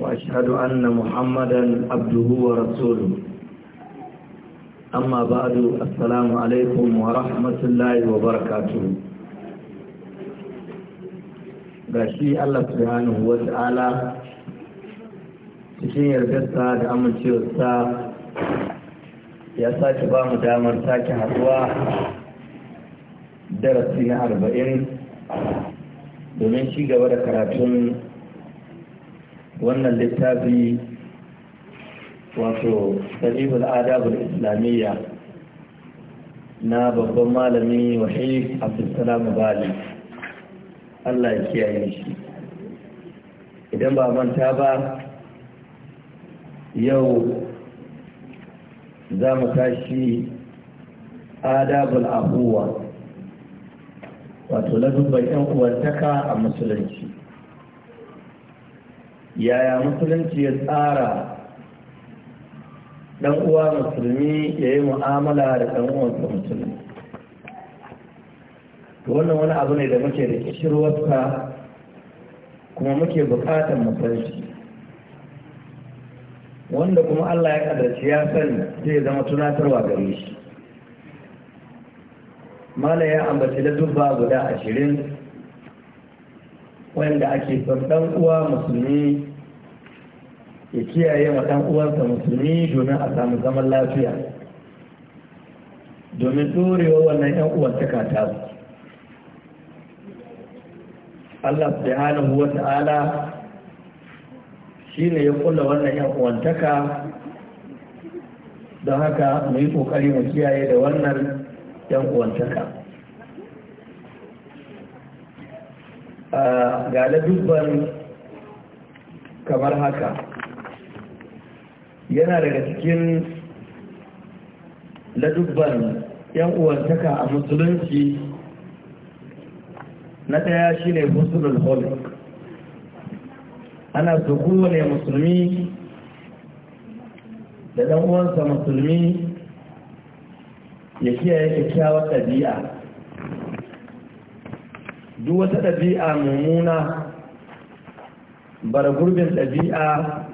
وأشهد أن محمدا عبده ورسوله أما بعد السلام عليكم ورحمة الله وبركاته gashi Allah subhanahu wa ta'ala cikin yardarsa da amincewarsa ya sake ba mu damar sake haduwa darasi na arba'in domin ci gaba da karatun wannan littafi wato sahihul adabul islamiyya na babban malami wahid abdulsalam bali Allah ya kiyaye shi idan ba manta ba yau za mu tashi adabul abuwa wato ladubban yan uwantaka a musulunci yaya musulunci ya tsara dan uwa musulmi ya yi mu'amala da dan uwansa musulmi wannan wani abu ne da muke da kishirwarsa kuma muke bukatar musulunci wanda kuma Allah ya kadarci ya sani zai zama tunatarwa gare shi mala ya ambaci da dubba guda ashirin wanda ake son dan uwa musulmi ya kiyaye wa ɗan uwansa musulmi domin a samu zaman lafiya domin ɗorewa wannan ‘yan uwantaka ta su Allah hana huwa ta'ala shi ne ya kulla wannan ‘yan uwantaka don haka mu yi ƙoƙari mu kiyaye da wannan ‘yan uwantaka ah, ga dubban kamar haka yana daga cikin ladubban yan uwantaka a musulunci na ɗaya shi ne husnul hulk ana su kowane musulmi da ɗan uwansa musulmi ya kiyaye kyakkyawar ɗabi'a duk wata ɗabi'a mummuna bara gurbin ɗabi'a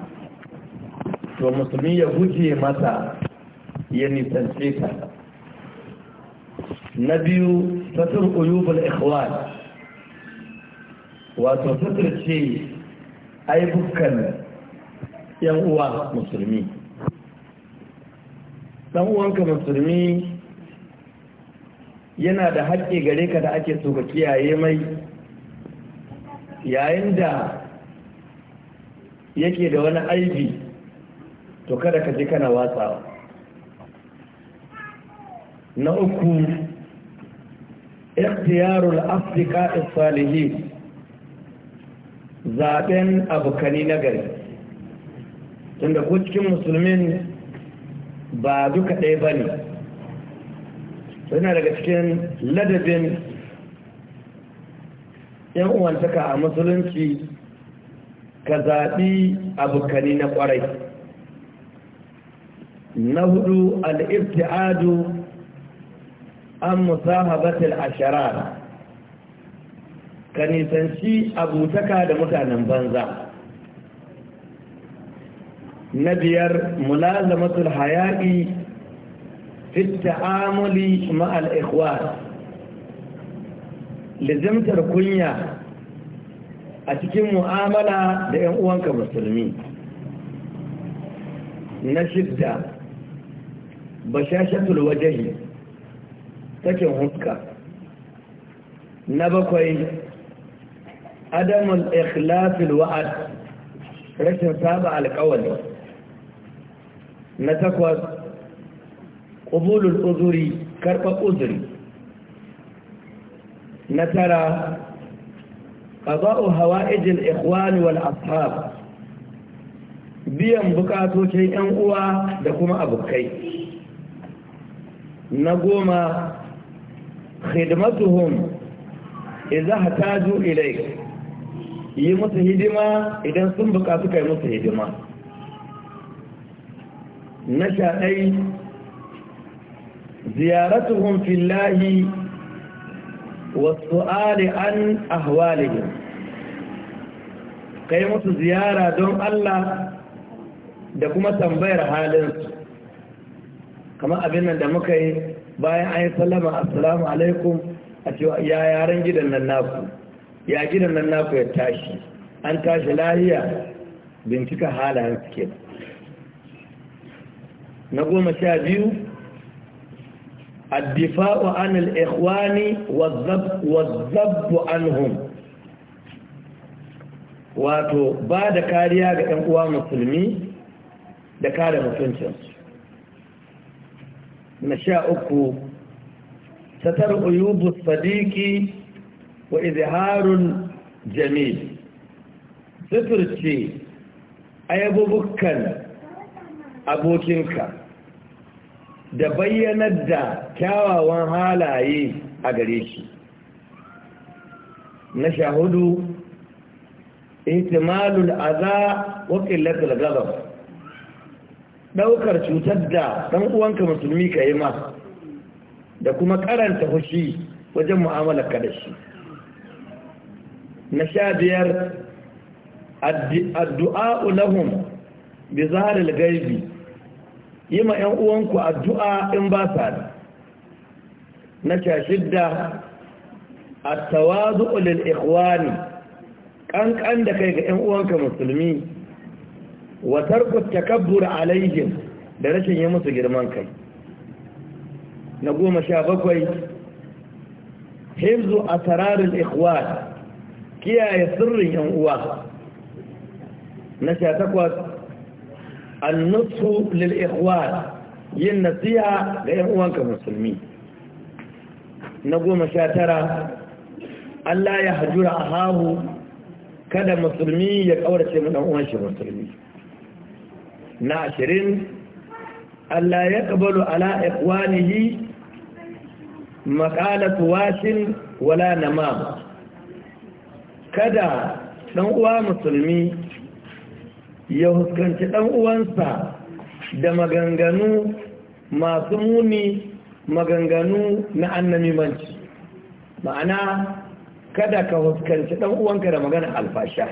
to musulmi ya guje masa ya nisance ta na biyu satar uyubul ikhwan wato satar ce aibukan yan uwa musulmi dan uwanka musulmi yana da haƙƙi gare ka da ake so ka kiyaye mai yayin da yake da wani aibi to kada ka je kana watsawa na uku ikhtiyarul afrika salihin zaben abokani na gari tunda ko cikin musulmin ba duka ɗaya ba ne yana daga cikin ladabin yan uwantaka a musulunci ka zaɓi abokani na ƙwarai na hudu al'ibti'adu an musahabatul ashara ka nisanci abutaka da mutanen banza na biyar mulazamatul hayaƙi fi ta'amuli ma'al lizimtar kunya a cikin mu'amala da 'yan uwanka musulmi na shidda bashashatul wajahi take huska na bakwai adamul ikhlafil wa'ad rashin saba alƙawari. na takwas ƙubulul uzuri karba uzuri na tara qada'u hawa'ijin ikhwan wal ashab biyan bukatocin 'yan uwa da kuma abokai na goma khidmatuhum idza hataju ilayk yi musu hidima idan sun bukatu kai musu hidima na shaɗai ziyara ziyaratuhum fillahi wa su'ali an ahwalihim kai musu ziyara don Allah da kuma tambayar halinsu kamar abin nan da muka yi bayan an yi sallama assalamu alaikum a cewa ya yaran gidan nan naku ya gidan nan naku ya tashi an tashi lahiya bincika halayen suke na goma sha biyu addifa'u an al'ikwani wazzabu hun wato ba da kariya ga 'yan uwa musulmi da kare mutuncinsu na sha uku satar uyubu sadiki wa izharun jamil suturce ayyabubukan abokinka da bayyanar da kyawawan halaye a gare shi na sha hudu ihtimalul aza wa qillatul ghadab ɗaukar cutar da ɗan uwanka musulmi ka yi ma da kuma karanta hushi wajen mu'amalar ka da shi na sha biyar addu'a ulahun bi zaharar gaibi yi ma 'yan uwanku addu'a in ba sa da na sha shidda a tawazu ulil ikwani ƙanƙan da kai ga 'yan uwanka musulmi wa tarku takabbur alaihim da rashin yi musu girman kai na goma sha bakwai hifzu asrarul ikhwan kiyaye sirrin yan uwa na sha takwas annusu lil ikhwan yin nasiha ga yan uwanka musulmi na goma sha tara Allah ya hajura ahahu kada musulmi ya kaurace mu dan uwan shi musulmi na ashirin Allah ya kabalu ala ikwanihi makalatu washin wala nama kada ɗan uwa musulmi ya huskanci ɗan uwansa da maganganu masu muni maganganu na annamimanci ma'ana kada ka huskanci ɗan'uwanka da magana alfasha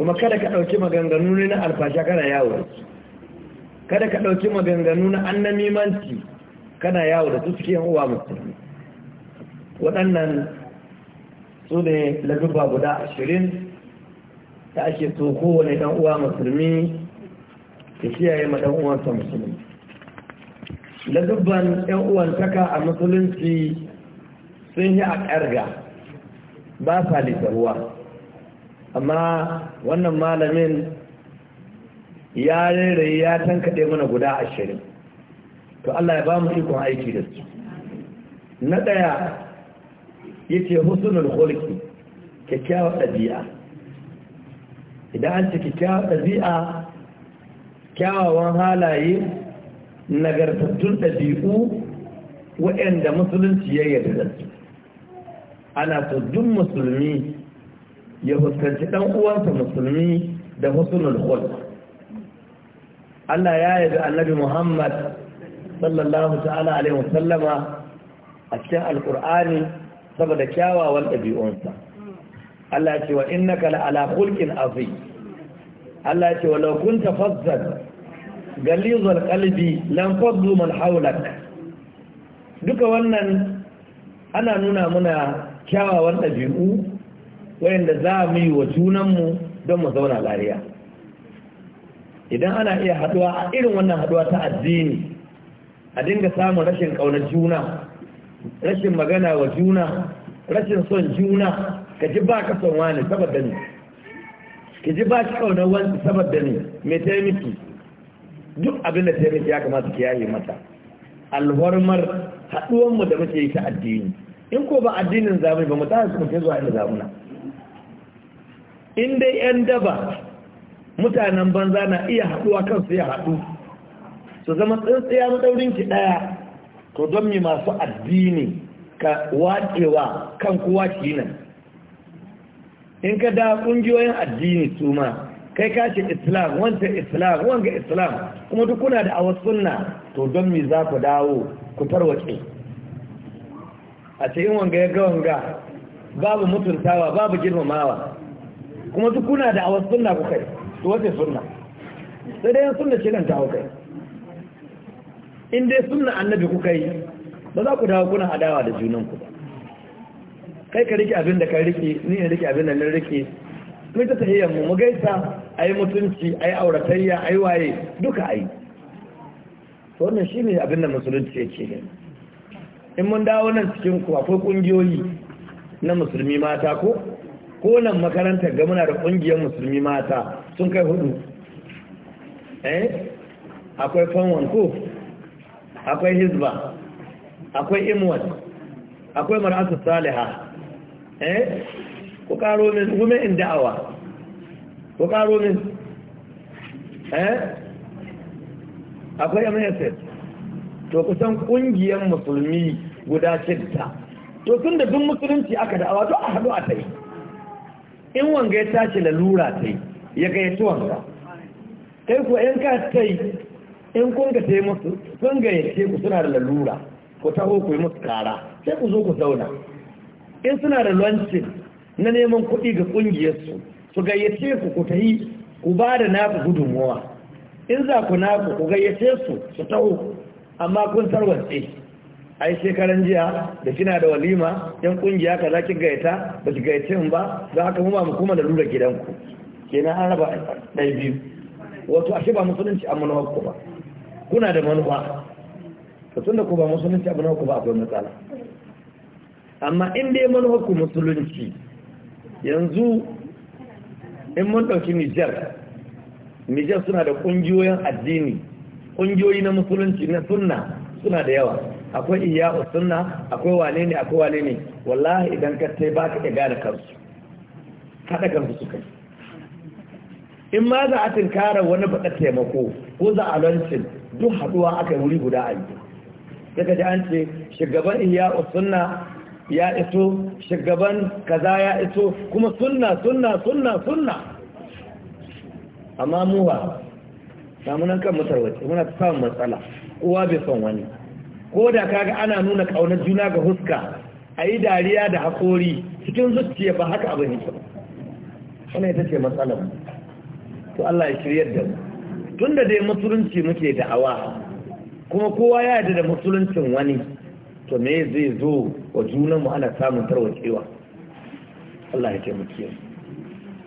kuma kada ka ɗauki maganganu na alfasha kana yawo da su kada ka ɗauki maganganu na annamimanci kana yawo da su suke uwa musulmi waɗannan su ne lagubba guda ashirin ta ake so kowane ɗan uwa musulmi ta kiyaye ma ɗan uwansa musulmi lagubban ɗan uwantaka a musulunci sun yi a ƙarga ba sa ruwa amma wannan malamin ya rere ya tankaɗe mana guda ashirin to Allah ya ba mu ikon aiki da su na ɗaya ya ce husnul hulki kyakkyawar ɗabi'a idan an ce kyakkyawar ɗabi'a kyawawan halaye nagartattun ɗabi'u waɗanda musulunci ya da su ana so duk musulmi ya fuskanci ɗan uwansa musulmi da husnul khulq Allah ya yabi annabi Muhammad sallallahu ta'ala alaihi wasallama a cikin alqur'ani saboda kyawawan ɗabi'unsa Allah ya ce wa innaka la'ala khulqin azim Allah ya ce wa law kunta fazzan galizul qalbi lam faddu man hawlak duka wannan ana nuna muna kyawawan ɗabi'u wayanda za mu yi wa junanmu don mu zauna lariya idan ana iya haduwa a irin wannan haduwa ta addini a dinga samun rashin ƙaunar juna rashin magana wa juna rashin son juna ka ji ba ka son wani saboda ne Ka ji ba ka ƙaunar wani saboda ne mai taimaki duk abin da taimaki ya kamata ki yaye mata alhormar haduwanmu da muke yi ta addini in ko ba addinin zamani ba mu ta su mutum zuwa inda zamuna in dai 'yan daba mutanen banza na iya haɗuwa kansu ya haɗu su zama tsintsiya maɗaurinki ɗaya to don mi masu addini ka wacewa kan kuwa shi nan in ka da ƙungiyoyin addini su ma kai ce islam wanta islam wanga islam kuma duk kuna da awa sunna to don mi za ku dawo ku tarwace a ce in wanga ya ga wanga babu mutuntawa babu girmamawa kuma duk kuna da awa sunna ku kai to wace sunna sai dai sunna ce nan ta kai in dai sunna annabi ku kai ba za ku dawo kuna adawa da junan ku ba kai ka rike abin da ka rike ni ne rike abin da na rike mun ta tahiyyar mu mu gaisa yi mutunci a yi auratayya a yi waye duka ayi to wannan shi ne abin da musulunci ce-ce ne in mun dawo nan cikin ku akwai kungiyoyi na musulmi mata ko ko makaranta makarantar da kungiyar musulmi mata sun kai hudu eh akwai fanwan ko akwai hizba akwai imwat akwai mar'asu saliha eh ku karo min women in da'awa ku karo min eh akwai MSS to kusan kungiyar musulmi guda shidda to tun da duk musulunci aka da'awa to a haɗu a tsaye in wanga ya tashi lalura ta yi ya gayyaci wanga kai kuwa yan ka ta yi in kunga ta yi musu sun gayyace ku suna da lalura ku taho ku yi musu kara sai ku zo ku zauna in suna da lancin na neman kuɗi ga ƙungiyarsu su gayyace ku ku ta yi ku ba da naku gudunmuwa in za ku naku ku gayyace su su taho amma kun tarwance. ai shekaran jiya da kina da walima yan kungiya kaza ki gaita ba ki gaice mu ba za ka mu ba mu kuma da lura gidanku kenan an raba dai biyu wato ashe ba musulunci a na ku ba kuna da manufa to tunda ku ba musulunci a na ku ba akwai matsala amma in dai manuwar ku musulunci yanzu in mun dauki Nijar Nijar suna da ƙungiyoyin addini ƙungiyoyi na musulunci na sunna suna da yawa akwai iya sunna akwai wane ne akwai wane ne wallahi idan ka sai ba ka iya gane kansu haɗa kansu suka kai in ma za a tinkara wani baɗa taimako ko za a lancin duk haɗuwa aka yi wuri guda a yi daga ji an ce shugaban iya sunna ya iso shugaban kaza ya iso kuma sunna sunna sunna sunna amma muwa samunan kan mutarwace muna ta samun matsala uwa bai son wani ko da kaga ana nuna ƙaunar juna ga huska a yi dariya da haƙori cikin zuciya ba haka abin yake wani ita ce matsalar to Allah ya shirya da mu tun da dai musulunci muke da'awa kuma kowa ya yarda da musuluncin wani to me zai zo wa junanmu ana samun tarwacewa Allah ya taimake mu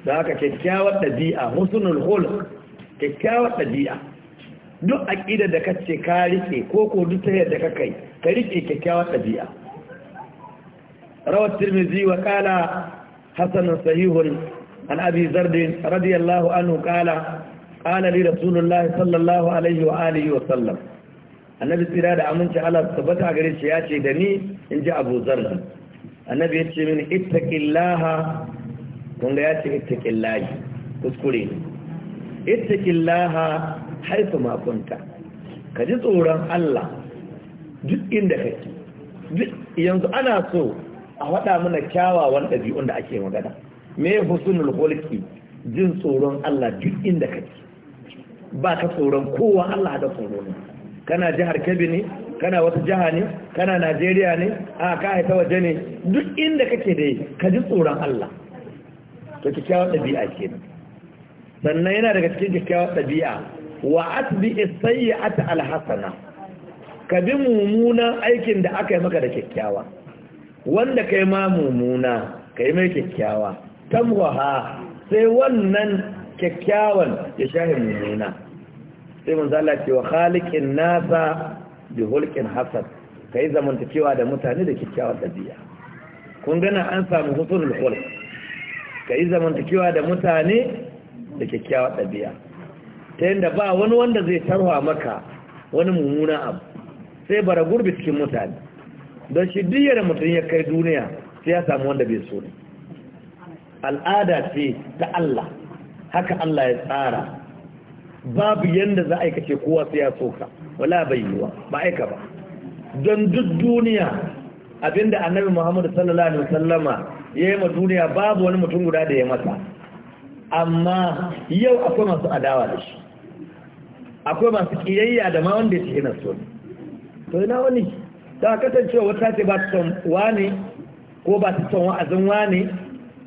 da haka kyakkyawar ɗabi'a husnul khuluq kyakkyawar ɗabi'a duk ƙida da kace ka rike ko ko duk ta yadda ka kai ka rike kyakkyawar ɗabi'a rawar tirmizi wa kala hasanun sahihun an abi zardin radiyallahu anhu kala kala li rasulullahi sallallahu alaihi wa alihi wa sallam annabi tsira da aminci Allah tabbata gare shi ya ce da ni in ji abu zardin annabi ya ce min ittaqillaha kun ga ya ce ittaqillahi kuskure ne ittaqillaha haifa makonta ka ji tsoron Allah duk inda kake yanzu ana so a waɗa mana kyawawan ɗabi'un da ake magana me husnul hulki jin tsoron Allah duk inda kake ba ka tsoron kowa Allah da tsoro ne kana jihar Kebbi ne kana wata jiha ne kana Najeriya ne a ka haita waje ne duk inda kake da ka ji tsoron Allah to kyawawan ɗabi'a kenan sannan yana daga cikin kyakkyawan ɗabi'a wa asbi as-sayyi'ata al-hasana ka bi mumuna aikin da aka maka da kyakkyawa wanda kai ma mumuna kai mai kyakkyawa tamwaha sai wannan kyakkyawan ya shahi mumuna, sai mun zalla wa khaliqin nasa bi hulqin hasan kai zamantakewa da mutane da kyakkyawan dabi'a kun gana an samu husnul khulq kai zamantakewa da mutane da kyakkyawan dabi'a ta yadda ba wani wanda zai tarwa maka wani mummuna abu sai bara gurbi cikin mutane don shi diyar mutum ya kai duniya sai ya samu wanda bai so ne al'ada ce ta Allah haka Allah ya tsara babu yadda za a kace kowa sai ya ka wala bai wa? ba aika ba don duk duniya abinda annabi Muhammad sallallahu alaihi wasallama ya yi ma duniya babu wani mutum guda da ya masa amma yau akwai masu adawa da shi akwai masu kiyayya da ma wanda yake su ne to ina wani ta kasancewa wata ce ba ta son wani ko ba ta son wa'azin wani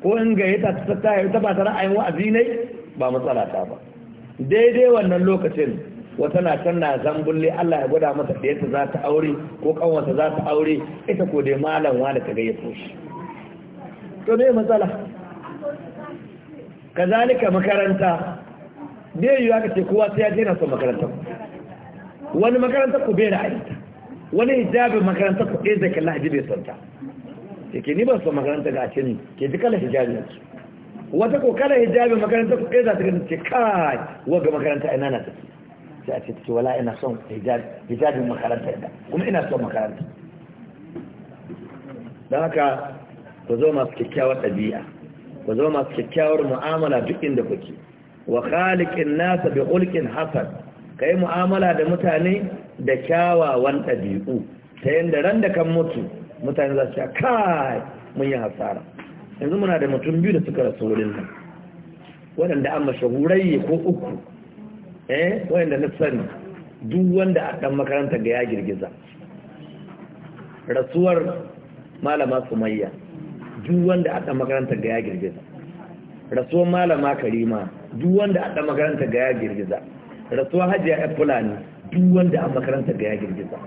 ko in gayyata ta tattaya ta ba ta ra'ayin wa'azi ne ba matsala ta ba daidai wannan lokacin wata na can na zambulle Allah ya gwada mata ɗayarta za ta aure ko kanwata za ta aure ita ko dai malam wani ta gayyato shi to me matsala kazalika makaranta bai yiwuwa ka ce kowa sai ya je son makarantar wani makarantar ku bai ra'ayinta wani hijabin makarantar ku ɗaya zai lahaji bai son ta ke ni ban son makarantar ga ce ni ke ji kala hijabin su wata ko kala hijabin makarantar ku ɗaya za ta gani ce kai waga makaranta ina na tafi sai a ce ta ce wala ina son hijabin makarantar da kuma ina son makaranta don haka ku zo masu kyakkyawar ɗabi'a ku zo masu kyakkyawar mu'amala duk inda kuke wa khaliqin nasa bi khulqin hasan kai mu'amala da mutane da kyawawan dabi'u. ta yanda ran da kan mutu mutane za su ce kai mun yi hasara yanzu muna da mutum biyu da suka rasu wurin nan waɗanda an mashahurai ko uku eh waɗanda na sani duk wanda a ɗan makaranta ga ya girgiza rasuwar malama sumayya duk wanda a ɗan makaranta ga ya girgiza rasuwar malama karima duk wanda a makaranta ga ya girgiza rasuwa hajiya ya fulani duk wanda a makaranta ga ya girgiza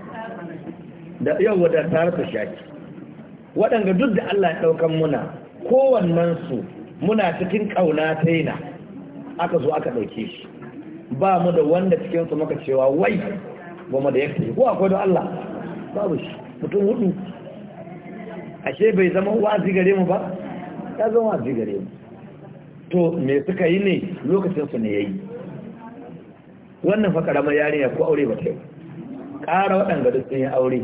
da yau wata tare ta shaki waɗanda duk da Allah ya ɗaukan muna su muna cikin ƙauna ta yana aka zo aka ɗauke shi ba mu da wanda cikinsu maka cewa wai mu da ya fi ko akwai da Allah babu shi mutum hudu ashe bai zama wazi gare mu ba ya zama wazi gare mu to me suka yi ne lokacin su ne ya yi wannan fa karamar yarinya ko aure ba ta yi ƙara waɗanda duk sun yi aure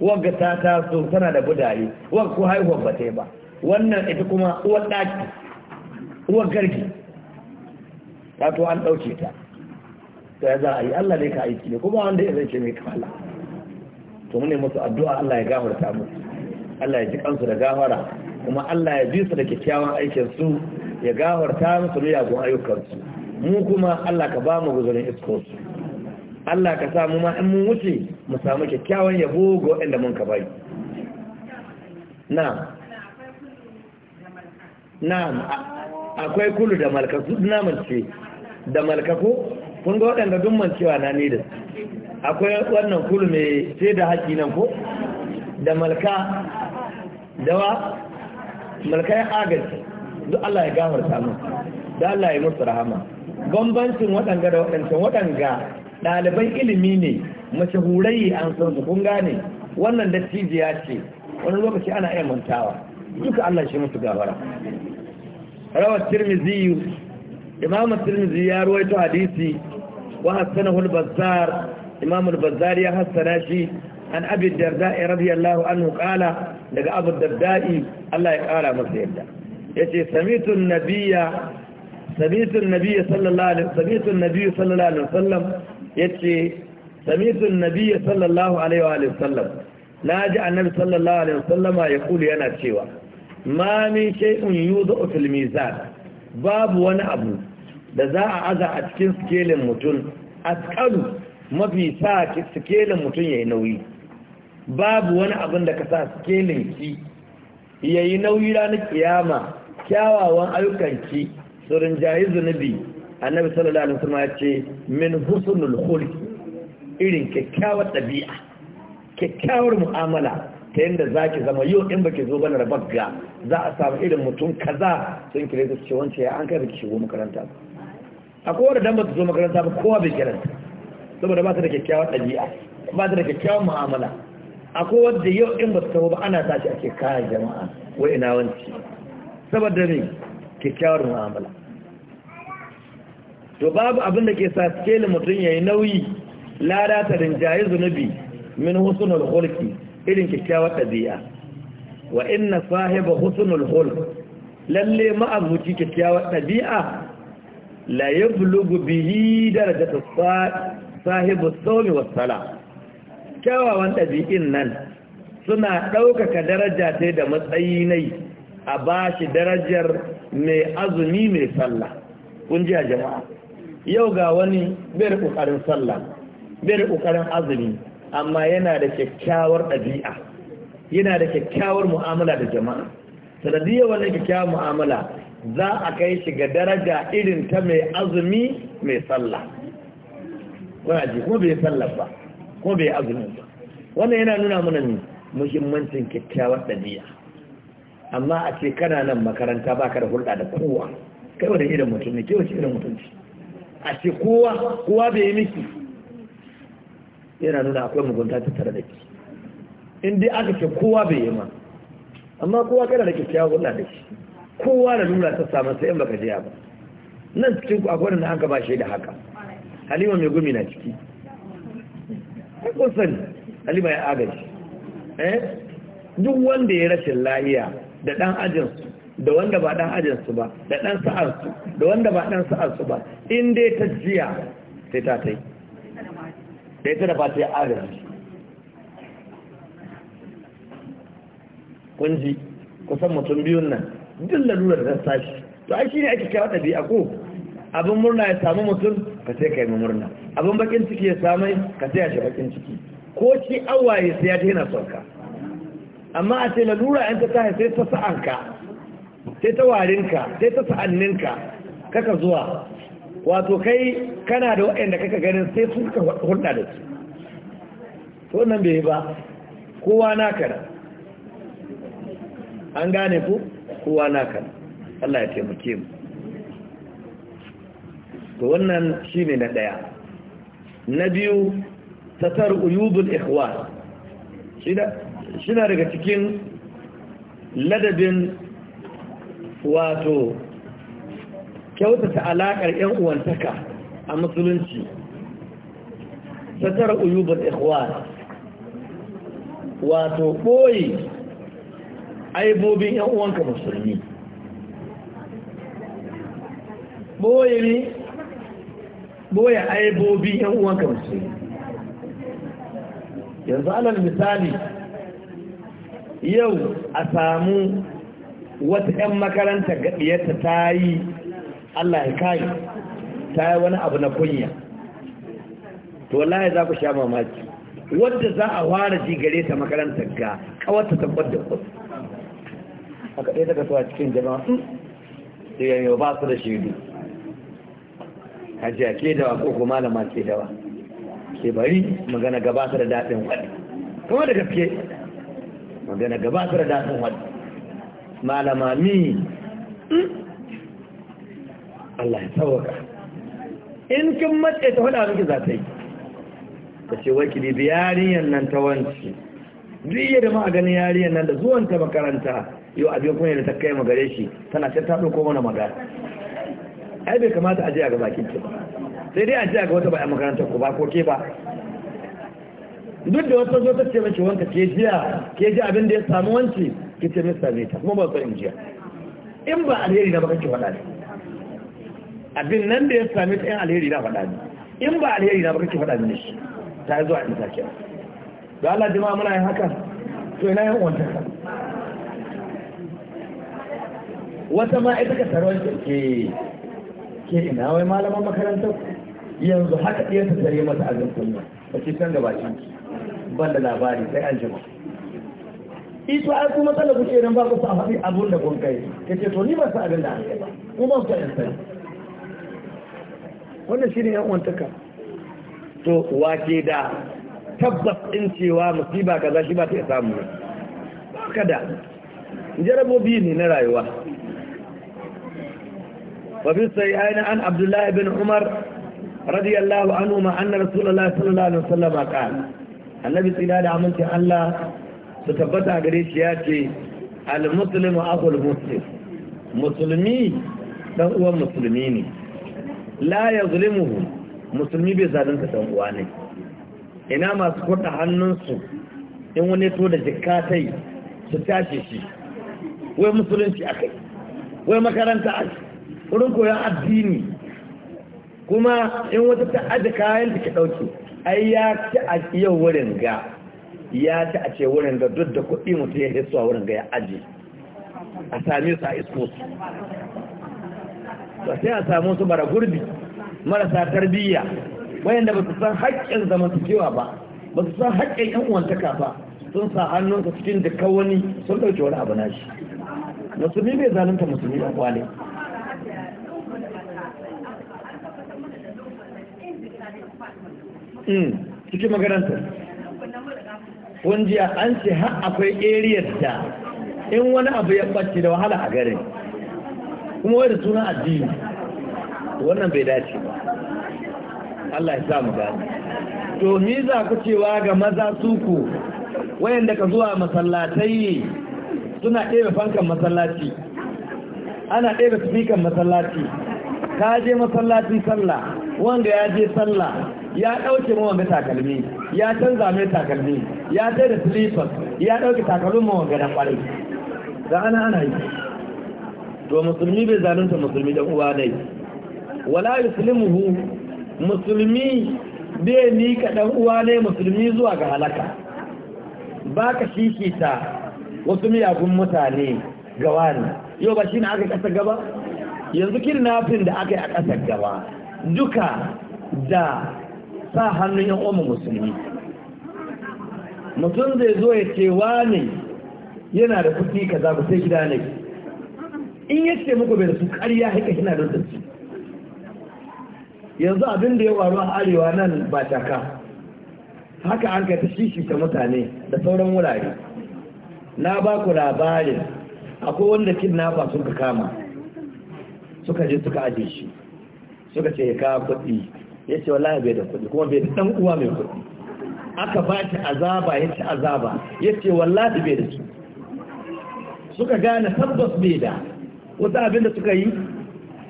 wagga ta taso tana da budaye wagga ko haihuwar ba ta yi ba wannan ita kuma uwar ɗaki uwar gargi ta to an ɗauke ta ta ya za a yi allah ne ka aiki ne kuma wanda ya zai ce mai kamala to mune ne musu addu'a allah ya gafarta musu allah ya ji kansu da gafara kuma allah ya bi su da kyakkyawan aikin su ya gafarta musu miyagun ayyukansu mu kuma Allah ka ba mu guzurin iskonsu Allah ka sa mu ma in mun wuce mu samu kyakkyawan yabo ga waɗanda mun ka bai na na akwai kulu da malka su na mace da malka ko kun ga waɗanda duk mancewa na ne da akwai wannan kulu mai sai da haƙi nan ko da malka dawa malka ya agaji duk Allah ya gafarta samu da Allah ya musu rahama bambancin waɗanga da waɗancan waɗanga ɗaliban ilimi ne mace hurayi an san su kun gane wannan cijiya ce wani lokaci ana iya mantawa duka Allah shi musu gafara rawar tirmiziyu imam tirmizi ya ruwaito hadisi wa hassanahu hul bazzar imam al-bazzar ya hassana shi an abi darda radiyallahu anhu qala daga abu darda'i Allah ya kara masa yadda yace samitun nabiyya samitun nabiyya sallallahu alaihi samitun nabiyyu sallallahu alaihi wasallam yace samitun nabiyya sallallahu alaihi wasallam naji annabi sallallahu alaihi wasallama yaqulu yana cewa ma min shay'un yudau fil mizan babu wani abu da za a aza a cikin sikelin mutum askalu mafi sa sikelin mutum yayi nauyi babu wani abin da ka sa sikelin ki yayi nauyi ranar kiyama kyawawan ayyukanki surin jayi zunubi annabi sallallahu alaihi wasallam ya ce min husnul khulq irin kyakkyawar ɗabi'a kyakkyawar mu'amala ta yadda za ki zama yau in baki zo bane rabagga za a samu irin mutum kaza sun kire su ce wance ya an kai baki shigo makaranta ba a kowane dan su zo makaranta ba kowa bai kiranta saboda ba ta da kyakkyawar ɗabi'a ba ta da kyakkyawar mu'amala a kowa da yau in ba ta ba ana tashi ake kaya jama'a wai ina wanci saboda ne kyakkyawar mu'amala to babu abin da ke sa skeli mutum ya yi nauyi ladata rinjayi, zunubi min husnul hulki irin kyakkyawar ɗabi'a wa inna sahiba husnul khulq lalle abuci kyakkyawar ɗabi'a la yablugu bihi darajatu sahibu sawmi was sala kyawawan ɗabi'in nan suna ɗaukaka daraja ta da matsayi nai a ba shi darajar mai azumi mai sallah kun ji jama'a yau ga wani bai da sallah bai da azumi amma yana da kyakkyawar ɗabi'a yana da kyakkyawar mu'amala da jama'a sanadiyar wannan kyakkyawar mu'amala za a kai shi ga daraja irin ta mai azumi mai sallah kuna ji kuma bai sallah ba kuma bai azumi ba wannan yana nuna mana ne muhimmancin kyakkyawar ɗabi'a amma a ce kana nan makaranta baka da hulɗa da kowa kai wani irin mutum ne ke wace irin mutunci a ce kowa kowa bai yi miki yana nuna akwai mugunta ta tare da ke inda aka ce kowa bai yi ma amma kowa kana da kyakkyawa hulɗa da shi kowa da nuna ta samu sai in baka jiya ba nan cikin ku akwai da an gaba shi da haka halima mai gumi na ciki kun sani halima ya agaji eh duk wanda ya rashin lahiya da ɗan ajinsu da wanda ba ɗan ajinsu ba da ɗan sa'arsu da wanda ba ɗan sa'arsu ba in dai ta jiya sai ta ta yi da ita da fata ya agaji kunji kusan mutum biyun nan duk lalurar da ta sashi to ai shi ne ake kyawata biya ko abin murna ya samu mutum ka sai ka yi murna abin bakin ciki ya samai ka sai ya shi bakin ciki ko ci awaye sai ya daina sauka amma a ce lalura yan ta tahi sai ta sa'anka sai ta warinka sai ta sa'anninka kaka zuwa wato kai kana da waɗanda kaka ganin sai sun ka hulɗa da su to nan bai ba kowa na kana. an gane ku kowa na kana. Allah ya taimake mu to wannan shi ne na ɗaya na biyu tatar uyubul ikhwan shi da shina daga cikin ladabin wato kyautata alaƙar 'yan uwantaka a musulunci tara uyubar ikhwan wato ɓoye aibobin 'yan uwanka musulmi ɓoye ne ɓoye aibobin 'yan uwanka musulmi yanzu alal misali yau a samu wata 'yan makaranta gaɗiyarta ta yi Allah ya kayi ta yi wani abu na kunya to wallahi za ku sha mamaki wadda za a fara ji gare ta makarantar ga kawata ta kwadda kudu a kaɗe ta kasuwa cikin jama'a da mm, yayi ba su da shaidu hajiya ke dawa ko kuma malama ke dawa ke bari magana gabata da daɗin kwaɗi kuma da gaske magana gabatar da dafin wani malama mi Allah ya sauka in kin matse ta hada miki za ta yi ta ce wai ki bibi yariyan nan ta wanci duk da ma gani yariyan nan da zuwan ta makaranta yau abin kuma yadda ta kai magare shi tana ta taɗo ko mana magare. ai bai kamata a je a ga bakin ki sai dai a je a ga wata bayan makarantar ku ba ko ke ba duk da wata zo ce mace wanka ke jiya ke ji abin da ya samu wanci ki ce mista same ta kuma ba su in jiya in ba alheri na ba kake faɗa ne abin nan da ya sami ta yin alheri na faɗa ne in ba alheri na ba kake faɗa ne shi ta zuwa a isa kira da Allah jima muna yin haka to ina yin wanta wata ma ita ka tarwar ke ke ina wai malaman makarantar yanzu haka ɗaya ta tare mata azin kunya ba ce san gabacin ki ban da labari sai an jima ito ai kuma matsalar kuke nan ba ku sa faɗi abun da kun kai ya ce to ni masu sa abin da an kai ba mu ba su ta yan sani wannan shi ne yan uwantaka to wake da tabbas ɗin cewa musiba kaza shi ba ta samu ba ka da jarabobi ne na rayuwa وفي الصحيحين عن an Abdullahi bin Umar رضي الله عنهما أن رسول الله صلى الله عليه وسلم قال annabi tsira da amincin Allah su tabbata gare shi ya ce al-muslimu akhul muslim musulmi dan uwan musulmi ne la ya yazlimuhu musulmi bai zalunta dan uwa ne ina masu kurda hannunsu in wani to da jikatai su tashi shi wai musulunci akai wai makaranta akai wurin koyon addini kuma in wata ta aji kayan ke ɗauki ai ya ci a yau wurin ga ya ci a ce wurin ga duk da kuɗi mutum ya hisuwa wurin ga ya aji a sami su a isko su sai a samu su bara gurbi marasa tarbiyya wayanda ba su san haƙƙin zamantakewa ba ba su san haƙƙin yan uwantaka ba sun sa hannunsa cikin dukkan wani sun ɗauki wani abu na shi musulmi bai zalunta musulmi ɗan kwale Mm, cikin makarantar kun jiya an ce har akwai eriyar da in wani abu ya ɓace da wahala a garin kuma wai da suna addini wannan bai dace ba Allah ya sa mu gani to ni za ku cewa ga maza su suku wayanda ka zuwa masallatai suna ɗebe fankan masallaci ana ɗebe fikan masallaci ka je masallaci sallah wanda ya je sallah ya ɗauke mawanga takalmi ya canza mai takalmi ya sai da silifas. ya ɗauke takalmin mawanga da ƙwarai da ana ana yi to musulmi bai zalunta musulmi ɗan uwa dai wala yuslimuhu musulmi bai ka ɗan uwa ne musulmi zuwa ga halaka ka shishita wasu miyagun mutane ga wani yau ba shi na aka ƙasa gaba yanzu kidnapping da aka yi a ƙasar gaba duka da sa hannun yan umar musulmi mutum zai zo ya ce ne yana da kuɗi ka za ku sai gida ne in ya ce muku bai da su ƙarya haka hina da zarci yanzu abin da ya waru a arewa nan ba shaka haka an kai ta ta mutane da sauran wurare na ba ku labarin akwai wanda kidnapper suka kama suka je suka aje shi suka ce ya kawo kuɗi ya ce wallahi bai da kuɗi kuma bai da ɗan uwa mai kuɗi aka ba ta azaba ya ce azaba ya ce wallahi bai da su suka gane tabbas bai da wata abinda suka yi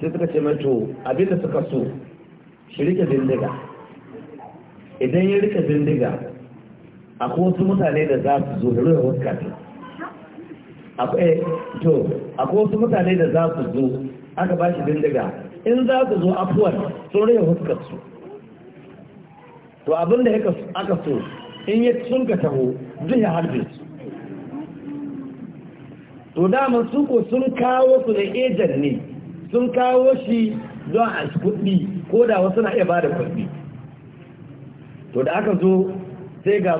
sai suka ce mai to abinda suka so shi rike bindiga idan ya rike bindiga akwai wasu mutane da za su zo ruwa wasu kafin akwai eh, to akwai wasu mutane da za su zo aka ba shi bindiga in za ka zo afuwar sun rage huskar su to abin da aka so in yi sun ka taho zai ya harbe su to dama su ko sun kawo su da ejan ne sun kawo shi don a kuɗi ko da wasu na iya bada da kuɗi to da aka zo sai ga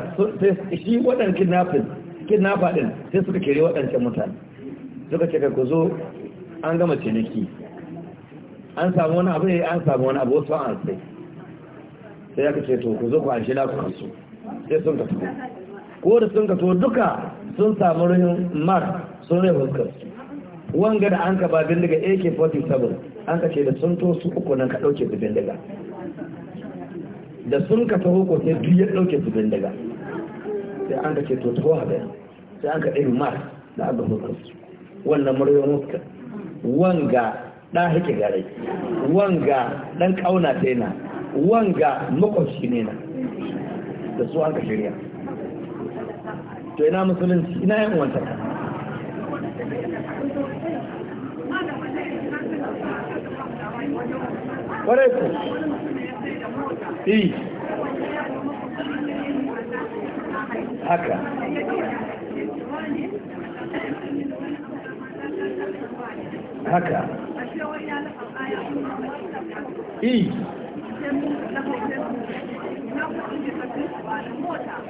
shi waɗannan kidnapping kidnapper ɗin sai suka kere waɗancan mutane suka ce ka ku zo an gama ciniki an samu wani abu ne an samu wani abu wasu an sai sai aka ce to ku zo ku an shida ku kansu sai sun ka tafi ko da sun ka to duka sun samu ruhin mar sun rai fuskar wanga da an ka ba bindiga ak-47 an ka ce da sun to su uku nan ka ɗauke su bindiga da sun ka taho ko sai duk ya ɗauke su bindiga sai an ka ce to taho haɗe sai an ka ɗari mar da aka fuskar wannan muryoyin fuskar wanga ɗan haƙi gare wanga ɗan ƙauna tena wanga makwabci ne na da su an ka shirya to ina musulunci ina yin ka. ƙwarai ku haka haka i e.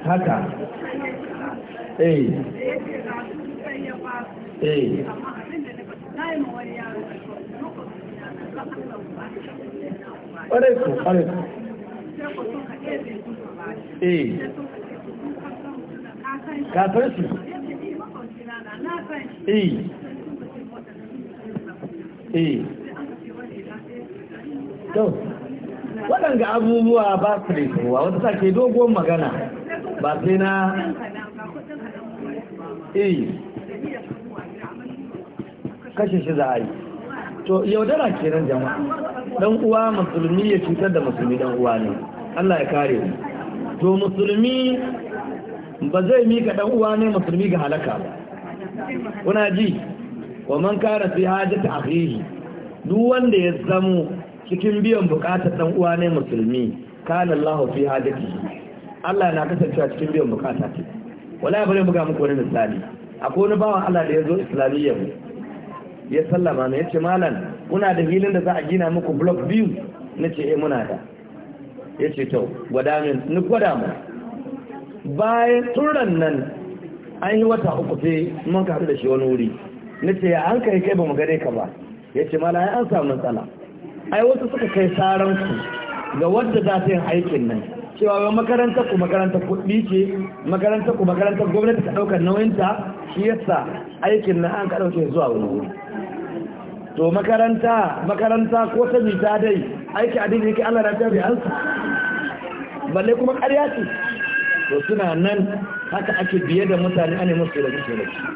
haka eh eh ƙwarai ku ƙwarai ku eh kafin eh Eh. to waɗanda abubuwa ba su kowa wata sake dogon magana ba sai na eh kashe shi za a yi to yaudara kenan jama'a dan uwa musulmi ya cutar da musulmi dan uwa ne Allah ya kare mu to musulmi ba zai mika dan uwa ne musulmi ga halaka ba kuna ji wa man kana fi hajati akhihi duk wanda ya zamo cikin biyan bukatar dan uwa ne musulmi kana Allah fi hajati Allah na kasancewa cikin biyan bukata ce wallahi bare buga muku wani misali akwai wani bawan Allah da ya zo islamiyya mu ya sallama ne yace malam kuna da hilin da za a gina muku block biyu nace eh muna da yace to gwada min ni gwada mu bayan turan nan an yi wata uku sai mun kaɗu da shi wani wuri nace ce ya an kai kai ba mu gare ka ba ya ce mala ya an samu matsala ai wasu suka kai saran su ga wadda za ta yin aikin nan cewa ba makaranta ku makaranta kuɗi ce makaranta ku makaranta gwamnati ka ɗaukar nauyinta shi yasa aikin nan an ka ɗauke zuwa wani wuri to makaranta makaranta ko ta mita dai aiki addini yake Allah rafiya bai ansa balle kuma ƙarya ce to suna nan haka ake biye da mutane ane musu da kike da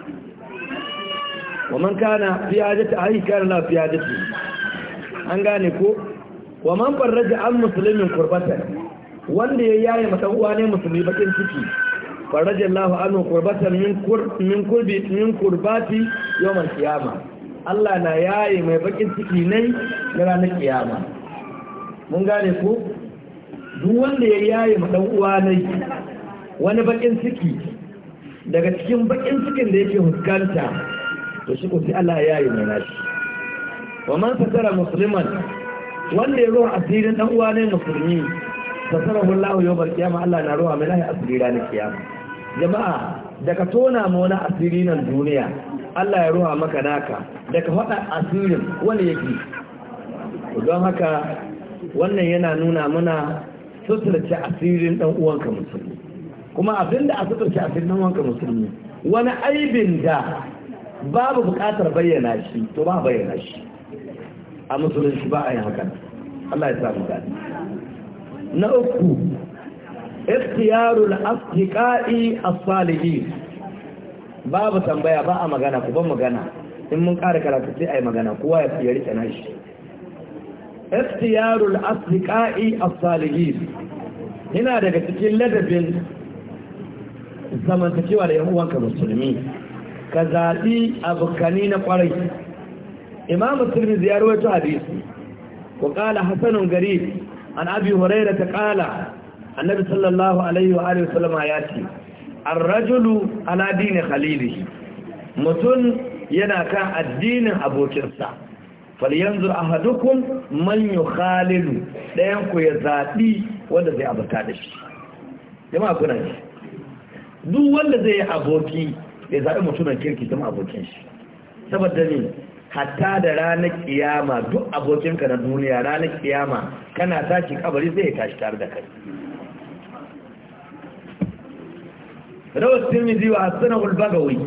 wa man kana fi hajati ai kana la fi hajati an gane ko wa man farraja an muslimin qurbatan wanda ya yaye mata uwa ne musulmi bakin ciki farraja Allahu anhu qurbatan min kur min kurbi min qurbati al-qiyama Allah na yaye mai bakin ciki ne na ranar kiyama mun gane ko duk wanda ya yaye mata uwa ne wani bakin ciki daga cikin bakin cikin da yake huskanta to shi ko sai Allah ya yi mai nashi wa man satara musliman wanda ya ruwa asirin dan uwa ne musulmi Allah ya bar kiyama Allah na ruwa mai lahi asiri ranar kiyama jama'a daga tona mu wani asiri nan duniya Allah ya ruwa maka naka daga faɗa asirin wani yake don haka wannan yana nuna mana suturce asirin dan uwanka musulmi kuma abinda a suturce asirin dan uwanka musulmi wani aibin da babu buƙatar bayyana shi to ba bayyana shi a musulunci ba a yi hakan Allah ya samu gani na uku ikhtiyarul asdiqai as-salihin babu tambaya ba a magana ku ban magana in mun ƙara karatu sai ai magana kowa ya fiye rike nashi ikhtiyarul asdiqai as-salihin yana daga cikin ladabin zamantakewa da yan uwanka musulmi ka zaɓi abokane na ƙwarai imamu turmi ziyar wato hadisi ku ƙala hasanun gari an abi huraira ta ƙala annabi sallallahu alaihi wa alihi ya ce arrajulu ala dini khalilihi mutum yana kan addinin abokinsa falyanzu a man yukhalilu Khalilu. ku ya zaɓi wanda zai abuta da shi jama'a kuna ne duk wanda zai yi aboki ya zaɓi mutumin kirki zama abokin shi saboda ne hatta da ranar kiyama duk abokinka na duniya ranar kiyama kana tashi kabari zai tashi tare da kai rawar tirmizi wa hassanahul bagawi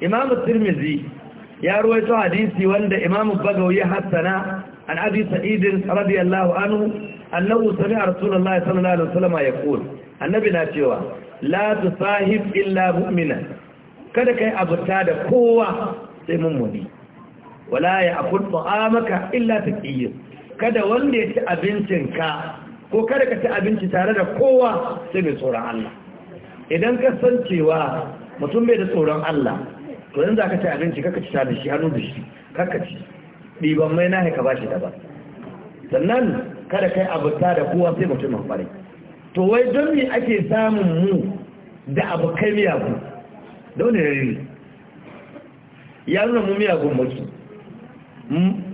imamu tirmizi ya ruwaito hadisi wanda imamu bagawi ya hassana an abi sa'idin radiyallahu anhu annahu sami'a rasulullahi sallallahu alaihi wasallam yaqul annabi na cewa la tusahib illa mu'mina kada ka yi abuta da kowa sai mummuni wala ya akul ta'amaka illa taqiyyin kada wanda ya ci abincinka ko kada ka ci abinci tare da kowa sai mai tsoron Allah idan ka san cewa mutum bai da tsoron Allah to yanzu za ka ci abinci kaka ci tare da shi hannu da shi kaka ci ɗiban mai na ka ba shi daban sannan kada kai abuta da kowa sai ya fari to wai don me ake samun mu da abokai miyagu da wani rari ya nuna mu miyagun maki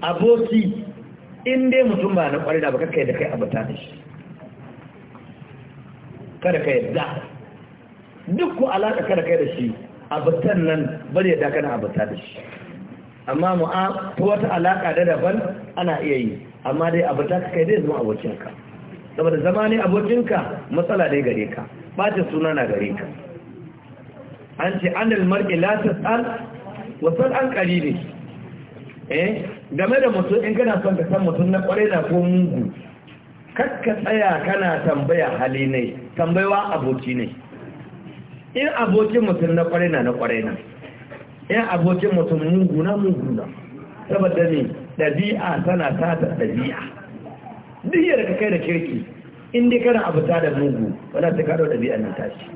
aboki in dai mutum ba na kwarai da ba kakai da kai abata da shi kada ka da duk ko alaƙa kada kai da shi abatan nan bari yadda kana abata da shi amma mu'a ta wata alaƙa da daban ana iya yi amma dai abata ka kai dai zama abokinka saboda zama ne abokinka matsala dai gare ka ɓacin suna na gare ka an ce an mar'i la tas'al Wasu sal ne. eh game da mutum in kana son ka san mutum na kwarai da ko mugu kakka tsaya kana tambaya hali ne tambayawa aboki ne in abokin mutum na kwarai na na kwarai na in abokin mutum mugu na mugu na saboda ne ɗabi'a tana tata ɗabi'a duk yadda ka kai da kirki in dai kana abuta da mugu wadda ta kaɗo ɗabi'a na tashi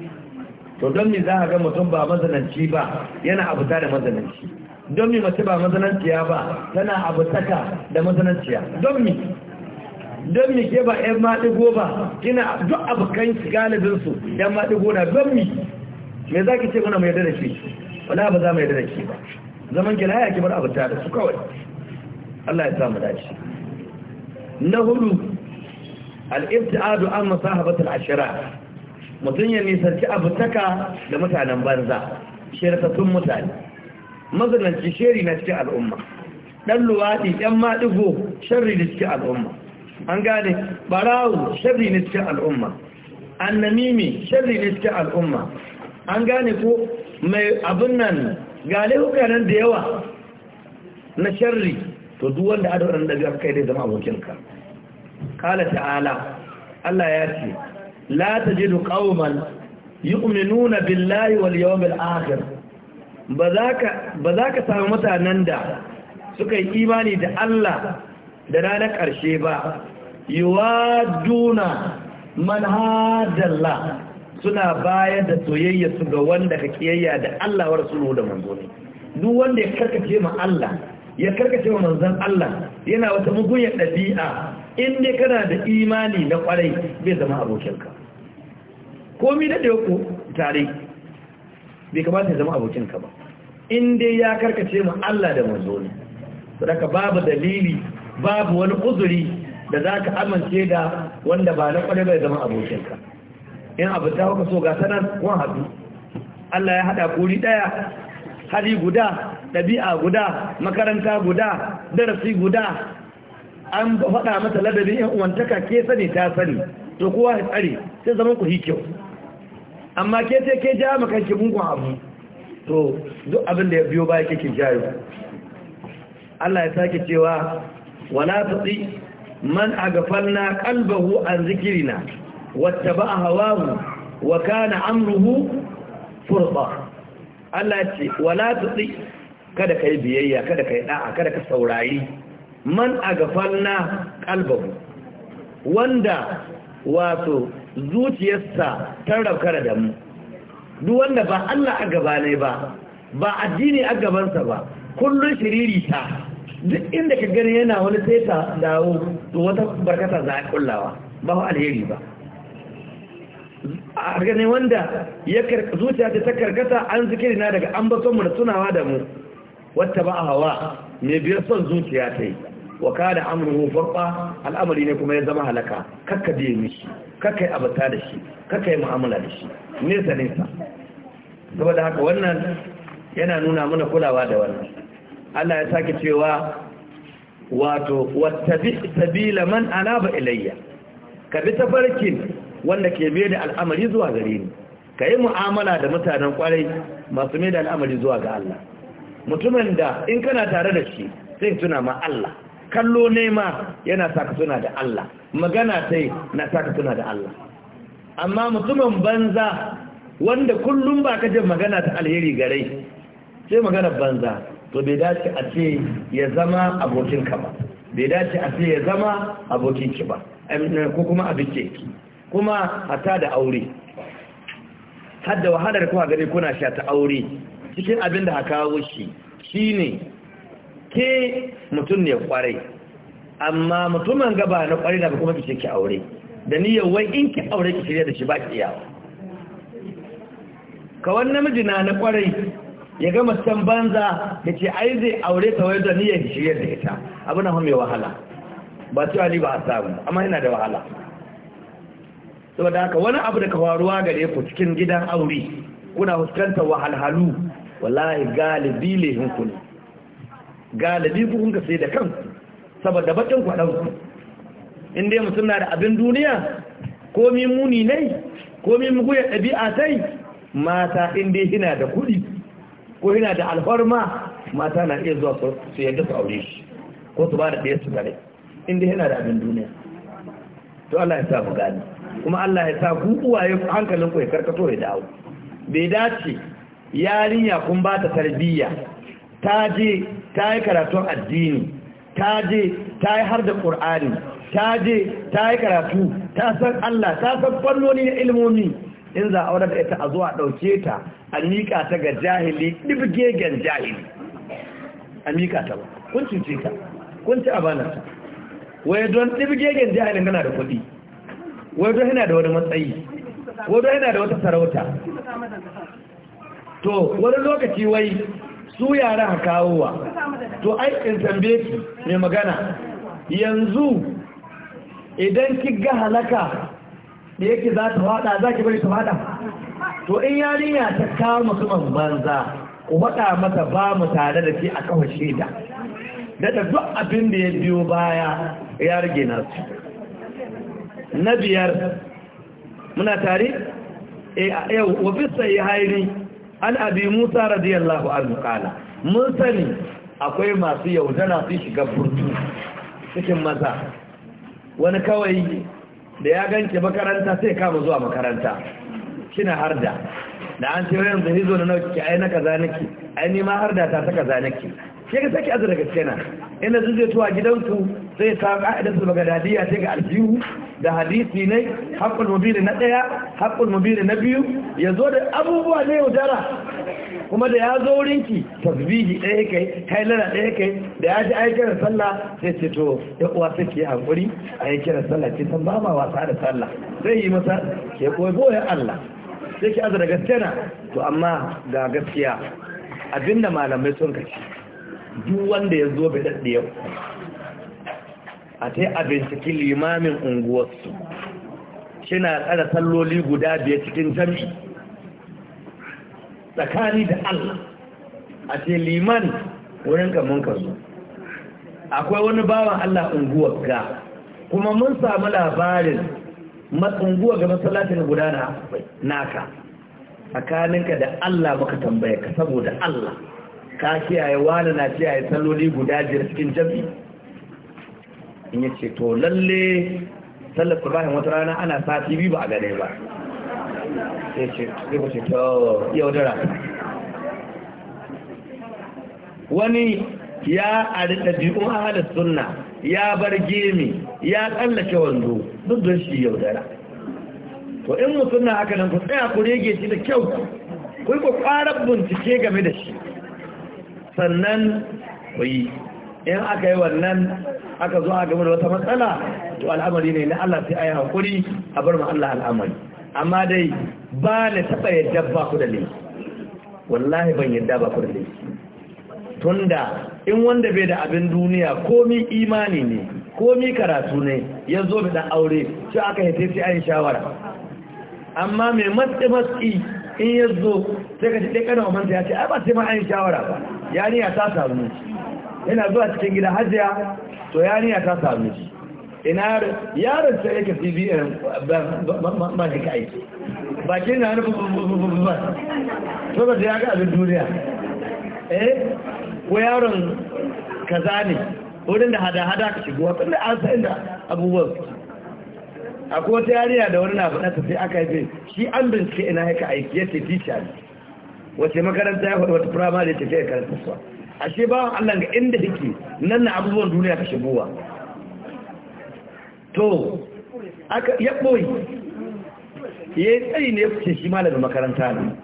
to don mi za a ga mutum ba mazananci ba yana abuta da mazananci don mi mace ba mazananciya ba tana abutaka da mazananciya don mi, don mi ke ba ‘yan maɗigo ba kina duk abokan galibinsu ‘yan maɗigo na don mi. me za ki ce muna mai yarda da shi wala ba za mu yarda da shi ba zaman ki laya ki bar abuta da su kawai Allah ya samu dace na hudu al-ibtiadu an masahabatul ashira mutum ya nisanci taka da mutanen banza shirkatun mutane mazinanci sheri na cikin al'umma ɗan luwaɗi ɗan maɗigo shari na cikin al'umma an gane ɓarawo shari na cikin al'umma annamimi shari na cikin al'umma an gane ko mai abin nan gane hukanan da yawa na shari to duk wanda adon ɗabi'ar kai dai zama abokinka kala ta'ala Allah ya ce la tajidu qauman yu'minuna billahi wal yawmil akhir ba ka samu mutanen da suka yi imani da Allah da ranar ƙarshe ba yuwaduna man hadalla suna bayar da soyayya su ga wanda ka kiyayya da Allah wa rasuluhu da manzo ne duk wanda ya karkace ma Allah ya karkace wa manzon Allah yana wata mugunyar ɗabi'a in dai kana da imani na kwarai bai zama abokinka komi da ɗaya ku tare bai kamata ya zama abokinka ba in dai ya karkace mu Allah da manzo ne saboda babu dalili babu wani uzuri da za ka amince da wanda ba na kwarai bai zama abokinka in abu ta haka so ga sanar kun haɗu Allah ya haɗa kuri ɗaya hali guda ɗabi'a guda makaranta guda darasi guda an faɗa mata ladabi yan uwantaka ke sani ta sani to kowa ya tsare sai zaman ku hi kyau amma ke sai ke ja maka ki mugun abu to duk abin da ya biyo baya kike jayo Allah ya sake cewa wala tuti man aghfalna qalbahu an zikrina wattaba'a hawahu wa kana amruhu furqa Allah ya ce wala tuti kada kai biyayya kada kai da'a kada ka saurayi man aghfalna qalbahu wanda wato zuciyarsa ta raukar da mu duk wanda ba Allah a gaba ne ba ba addini a gabansa ba kullun shiriri ta duk inda ka gani yana wani sai ta dawo to wata barkata za a kullawa ba wa alheri ba a gane wanda ya zuciya ta ta karkata an zikiri na daga an mu da tunawa da mu wata ba a hawa mai biyar son zuciya ta yi wa kana amruhu farqa al'amari ne kuma ya zama halaka kakka biye mishi kakkai abata da shi kakkai mu'amala da shi nesa nesa saboda haka wannan yana nuna mana kulawa da wannan Allah ya sake cewa wato wattabi sabila man anaba ilayya ka bi tafarkin wanda ke mai da al'amari zuwa gare ni ka yi mu'amala da mutanen kwarai masu mai da al'amari zuwa ga Allah mutumin da in kana tare da shi sai tuna ma Allah kallo nema yana saka suna da Allah magana sai na saka suna da Allah amma mutumin banza wanda kullum ba ka jin magana ta alheri gare sai magana banza to bai dace a ce ya zama abokin ba bai dace a ce ya zama abokin ki ba eh, ko kuma abin ki kuma hata da aure hadda wahalar kuma gare kuna sha ta aure cikin abin da aka kawo shi shine ke mutum ne kwarai amma mutumin gaba na kwarai da kuma ki ki aure da niyyar wai in ki aure ki shirya da shi ba ki iyawa kawan namiji na na kwarai ya gama san banza da ce ai zai aure ta wai da niyyar ki shirya da ita abu na mai wahala ba cewa ni ba a samu amma yana da wahala saboda haka wani abu da ka faruwa gare ku cikin gidan aure kuna fuskantar wahalhalu wallahi galibi lehin ku galibi ku kunka sai da kansu saboda bakin kwaɗanku in dai mutum na da abin duniya komi muni ne komi muguyar ɗabi'a tai mata in dai hina da kuɗi ko hina da alfarma mata na iya zuwa su yadda su aure shi ko su ba da ɗaya su gare in dai hina da abin duniya to Allah ya sa mu gani kuma Allah ya sa ku uwaye hankalinku ya karkato ya dawo bai dace yarinya kun ba ta tarbiyya ta je ta yi karatun addini ta je ta yi har da ƙur'ani ta je ta yi karatu ta san Allah ta san fannoni na ilmomi in za a da ita a zuwa ɗauke ta a miƙa ta ga jahili ɗibgegen jahili a miƙa ta ba kun cuce ta kun ci abanarta wai don ɗibgegen jahili gana da kuɗi wai don yana da wani matsayi wai don yana da wata sarauta to wani lokaci wai su yaran kawowa to ai in tambaye ki mai magana yanzu idan ki ga halaka da yake za ta fada za ki bari ta fada to in yarinya ta kawo musamman banza ku faɗa mata ba mu tare da ke a kawo da daga duk abin da ya biyo baya ya rage nasu na biyar muna tare eh, yau wafisar ya hairi an abi musa radiyallahu anhu kana mun sani akwai masu yaudana su shiga furtu cikin maza wani kawai da ya ganke makaranta sai kama zuwa makaranta kina harda da an ce yanzu hizo na nauki ai na kaza nake ai ni ma harda ta ta kaza nake ke ga sake da gaske na ina zai tuwa gidanku sai ta ka'idar su dadiya sai ga aljihu da hadisi ne haƙƙul mubiri na ɗaya haƙƙul mubiri na biyu ya zo da abubuwa ne yaudara kuma da ya zo rinki tasbihi ɗaya kai hailara ɗaya kai da ya ji aikin sallah sai ce to ya uwa sai ke hankuri a yi na sallah ke san ba ma wasa da sallah zai yi masa ke koyo ya Allah sai ki da gaske na to amma ga gaskiya abinda malamai sun kaci duk wanda ya zo bai daɗe yau a ta yi a binciki limamin unguwarsu shina tsara salloli guda biyar cikin jami tsakani da allah a ce liman wurin kamun kasu akwai wani bawan allah unguwar ga kuma mun samu labarin matsunguwa ga masallacin guda na naka tsakaninka da allah maka tambaye ka saboda allah ka kiyaye wani na kiyaye salloli guda biyar cikin jami in ya ce to lalle sallar subahin wata rana ana sati biyu ba a gane ba sai ce sai ku ce to yau dara wani ya a rika a halar sunna ya bar gemi ya tsallake wando duk don shi yau dara to in mutum na haka nan ku tsaya ku rege shi da kyau ku yi ku ƙwarar bincike game da shi sannan bai in aka yi wannan aka zo a game da wata matsala to al'amari ne na Allah sai a yi haƙuri a bar mu Allah al'amari amma dai ba na taɓa yadda ba ku da laifi wallahi ban yadda ba ku da laifi tunda in wanda bai da abin duniya komi imani ne komi karatu ne ya zo da aure shi aka yi sai a yi shawara amma mai matsi matsi in ya zo sai ka ce ɗaya ya ce ai ba sai ma a yi shawara ba yariya ta samu miji yana zuwa cikin gida hajiya to yariya ta samu miji ina yaron sai yake cbn ba shi kai bakin na hannu ba saboda ya ga abin duniya eh ko yaron kaza ne wurin da hada-hada ka shigo da an sa'in da abubuwan akwai wata yariya da wani na faɗa ta sai aka yi shi an bincike ina haika aiki ya ce tishari. ne wace makaranta ya faɗi wata firamare ta fiye karanta suwa ashe bawan Allah ga inda take nan na abubuwan duniya ka shigowa to aka ya ɓoyi ya yi tsayi ne ce shi malamin makaranta ne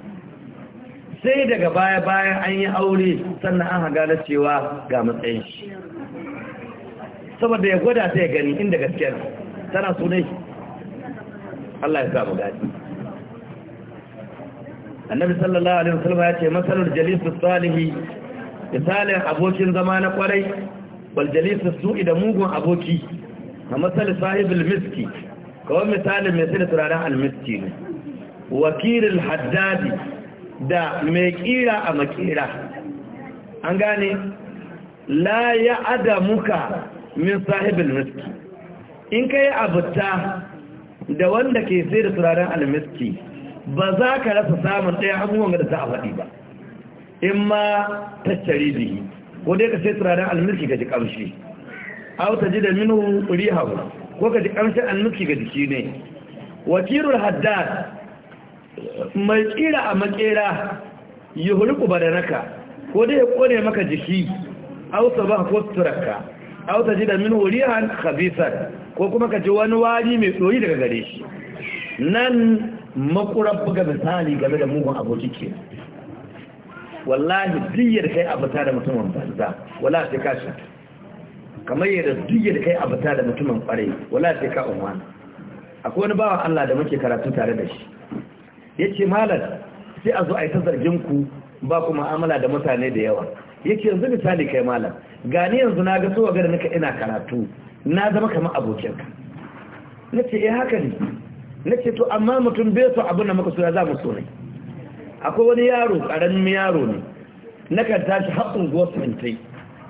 sai daga baya bayan an yi aure sannan an haga na cewa ga matsayin shi saboda ya gwada ta ya gani inda gaskiyar tana sunai Allah ya samu gadi annabi sallallahu alaihi wasallam ya ce masalul jalisus salihi misalin abokin zama na kwarai wal jalisus su'i da mugun aboki a masal sahibul miski kawai misalin mai sai da turaren almiski ne wakilul haddadi da mai kira a makira an gane la ya adamuka min sahibul miski in kai abuta da wanda ke sai da turaren almiski ba za ka rasa samun ɗaya abubuwan da za a faɗi ba in ma tattare da yi ko dai ka sai turaren almirki ka ji au ta ji da minu riha ko ka ji ƙamshin almirki ga jiki ne wakilun haddad mai tsira a makera yi hulku ba da naka ko dai ya kone maka jiki au ta ba ko turaka au ta ji da minu riha khabisar ko kuma ka ji wani wari mai tsoyi daga gare shi nan makurar buga misali game da mugun aboki ke wallahi diyar kai a abata da mutumin banza wala sai ka shi kamar yadda diyar kai a abata da mutumin kwarai wala sai ka umma akwai wani bawa Allah da muke karatu tare da shi yace malam sai a zo a yi ta zargin ku ba ku mu'amala da mutane da yawa yace yanzu misali kai malam gani yanzu na ga so ga da nika ina karatu na zama kamar abokinka nace eh haka ne na ce to amma mutum bai so abin da muka suna za mu so ne akwai wani yaro ƙaramin yaro ne na kan tashi haɗin gosmentai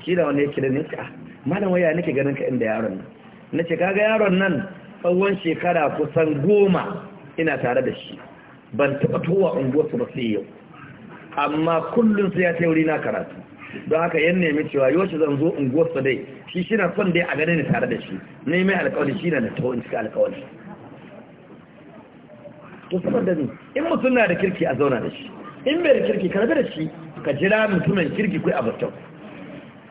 shi da wani yake da ne a malam waya nake ganin ka inda yaron nan na ce kaga yaron nan tsawon shekara kusan goma ina tare da shi ban taɓa towa su ba sai yau amma kullum sai ya ta wuri na karatu don haka yan nemi cewa yau zan zo unguwarsa dai shi shi na son dai a ganin tare da shi na mai alkawari shi na da tawon cika alkawari to saboda ne in mutum na da kirki a zauna da shi in bai da kirki ka da shi ka jira mutumin kirki kai a kyau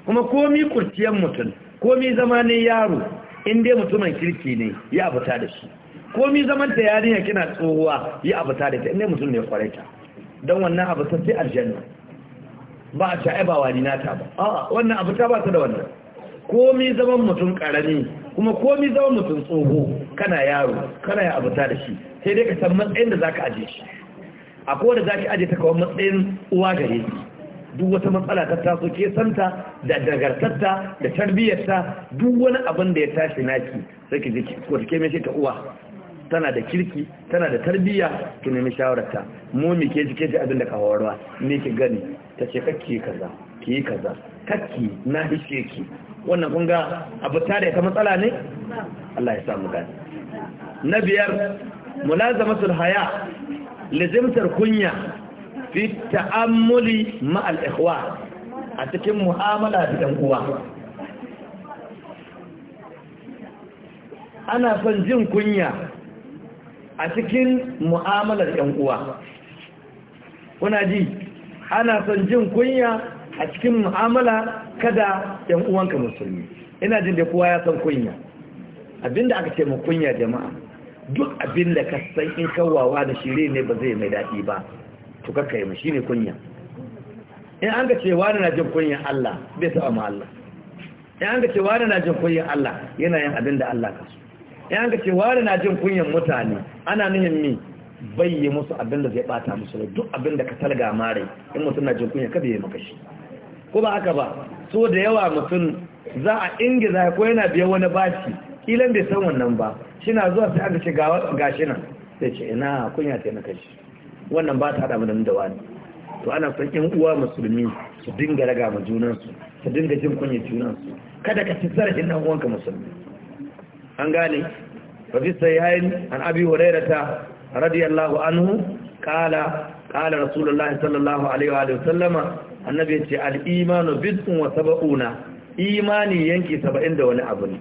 kuma komi kurciyan mutum komi zama ne yaro in dai mutumin kirki ne ya abuta da shi komi zaman ta yarinya kina tsohuwa ya abuta da ta in dai mutum ne kwarai ta don wannan abu ta sai aljanna ba a ta ba wani ta ba a wannan abu ta ba ta da wannan komi zaman mutum karami kuma komi zaman mutum tsoho kana yaro kana ya abuta da shi sai dai ka san matsayin da za ka aje shi a kowane za ki aje ta kawai matsayin uwa gare ki duk wata matsala ta taso ke santa da dagartarta da tarbiyyarta duk wani abin da ya tashi naki sai ki je ko take mai ta uwa tana da kirki tana da tarbiyya ki nemi shawararta mu mi ke jike ji abin da ka horwa. ne ki gani ta ce kakki kaza ki yi kaza kakki na hishe ki wannan kun ga abu tare ta matsala ne Allah ya samu gani na biyar mulazamatul haya lazimtar kunya fi ta'ammuli ma'al ikhwa a cikin mu'amala da ɗan uwa ana son jin kunya a cikin mu'amalar 'yan uwa kuna ji ana son jin kunya a cikin mu'amala kada 'yan uwanka musulmi ina jin da kowa ya san kunya abinda aka ce mu kunya jama'a duk abin da ka san in kawawa da shire ne ba zai mai daɗi ba to ka kai mu ne kunya in an ga cewa wani na jin kunyan Allah bai taɓa ma Allah in an ga cewa wani na jin kunyan Allah yana yin abin da Allah ka so in an ga cewa wani na jin kunyan mutane ana nuhin mi yi musu abin da zai bata musu duk abin da ka talga mare in mutum na jin kunya kada ya maka shi ko ba haka ba so da yawa mutum za a ingiza ko yana biyan wani baci ilan bai san wannan ba Shi na zuwa sai aka ce gashi nan sai ce ina kunya ta na kashi wannan ba ta hada mana da wani to ana son yan uwa musulmi su dinga raga ma junansu su dinga jin kunya junansu kada ka ci zarafin dan uwanka musulmi an gane fa fi sahihain an abi hurairata radiyallahu anhu Kala. Kala rasulullahi sallallahu alaihi wa sallama annabi ya ce al-imanu bid'un wa sab'una imani yanki 70 da wani abu ne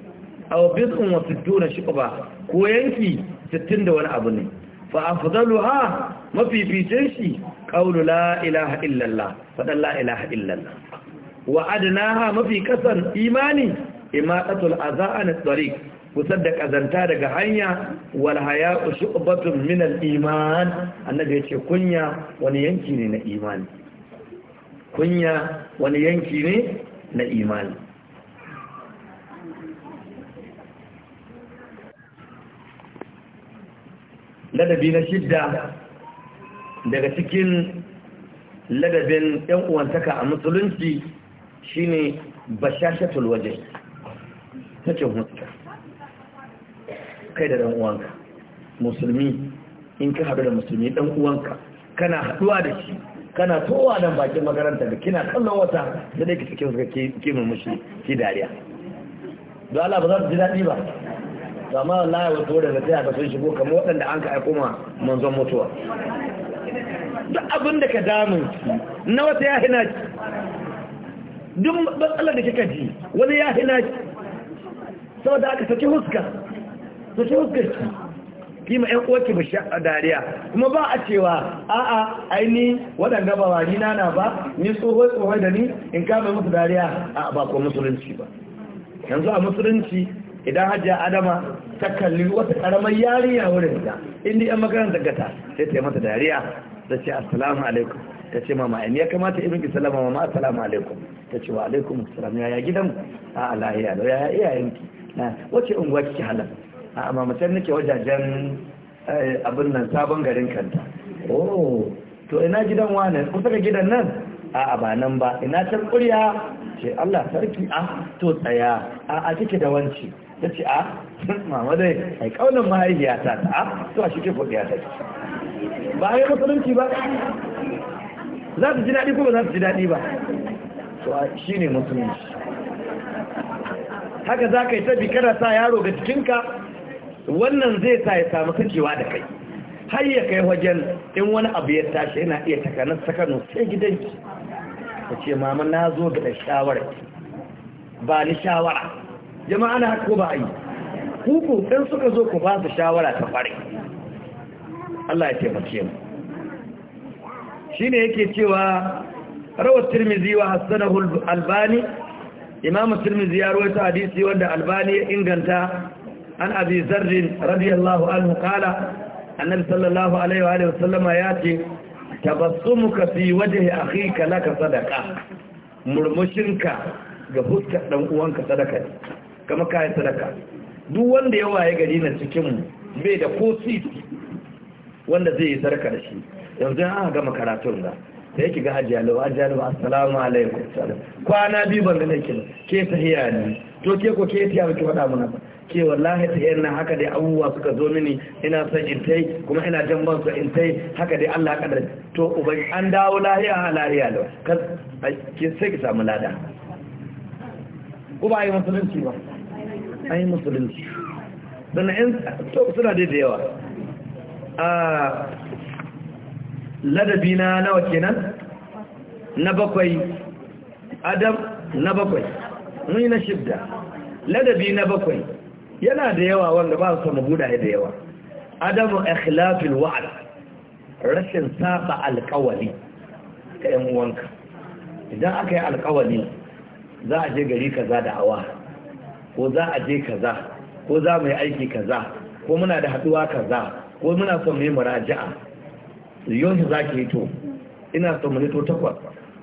aw bid'un wa sittuna shiqba ko yanki 60 da wani abu ne fa afdaluha mafificin shi qawlu la ilaha illallah fadan la ilaha illallah wa adnaha mafi kasan imani imatatul azaa an tariq kusar da kazanta daga hanya wal haya'u shu'batun min al iman annabi yace kunya wani yanki ne na imani kunya wani yanki ne na imani ladabi na shidda daga cikin ladabin ɗan uwantaka a musulunci shine bashashatul waje tace huska kai da ɗan uwanka musulmi in ka haɗu da musulmi ɗan uwanka kana haɗuwa da shi kana towa nan bakin makaranta da kina kallon wata da dai cikin suka ke murmushi ki dariya don Allah ba za su ji daɗi ba to amma wallahi wato daga sai aka sun shigo kamar waɗanda an ka aiko ma manzon mutuwa duk abin da ka damun na wata ya hina ki duk matsalar da kika ji wani ya hina Sau da aka saki huska saki huska ki kima yan uwarki ba sha a dariya kuma ba a cewa a'a aini waɗanda ba wa nina na ba ni tsohon tsohon da ni in kama musu dariya a ba ko musulunci ba yanzu a musulunci idan hajji adama ta kalli wata karamar yariya wurin ta inda yan makaranta gata sai ta yi mata dariya ta ce assalamu alaikum ta ce mama in ya kamata ibn ki salama mama assalamu alaikum ta ce wa alaikum assalam yaya gidan a alahiya da yaya iyayenki na wace unguwa kike halar a mamacin nake wajajen eh, abin nan sabon garin kanta oh to ina gidan wane kusa ga gidan nan a ba nan ba ina can kurya ce Allah sarki a to tsaya a a kike da wanci ta ce a ah, mama dai ai kaunan mahaifiyata ta a ah, to a shike kwaɗiya ta ba a yi musulunci ba za su ji daɗi ko ba za su ji daɗi ba to shi ne musulunci haka za ka yi tabi kada sa yaro ga cikinka wannan zai sa ya samu sakewa da kai har ya kai wajen in wani abu ya tashi yana iya takanar sakano sai gidanki ta ce mama na zo ga shawara ba ni shawara jama'a ana haka ba a yi kuku ɗan suka zo ku ba su shawara ta fari? Allah ya taimake mu ne yake cewa rawar turmizi wa hassanahu albani imamu turmizi ya ta hadisi wanda albani ya inganta an abin zarrin radiyallahu anhu qala annabi sallallahu alaihi wa alihi wasallama yace tabassumuka fi waje ake kala ka sadaka murmushinka ga fuskar dan uwanka sadaka ne kama kayan sadaka duk wanda ya waye gari na cikin bai da ko wanda zai yi sadaka da shi yanzu an gama karatun da sai ki ga ajiyalo ajiyalo assalamu alaikum kwana biyu ban ganin nake ke tahiya ne to ke ko ke tahiya ki faɗa mana ba ke wallahi ta yanna haka dai abubuwa suka zo mini ina son in tai kuma ina jan ban su in tai haka dai Allah kadar to uban an dawo lahiya a lahiya kai kan sai ki samu lada ku ba yi musulunci ba an yi musulunci don yan suna dai da yawa a ladabi na nawa kenan na bakwai adam na bakwai mun yi na shidda ladabi na bakwai yana da yawa wanda ba su mabuda da yawa adamu ikhlafil wa'd rashin saba alƙawali ta yan uwanka idan aka yi alƙawali za a je gari kaza da awa ko za a je kaza ko za mu yi aiki kaza ko muna da haduwa kaza ko muna son mu yi muraja'a yau za ki hito ina son mu hito takwas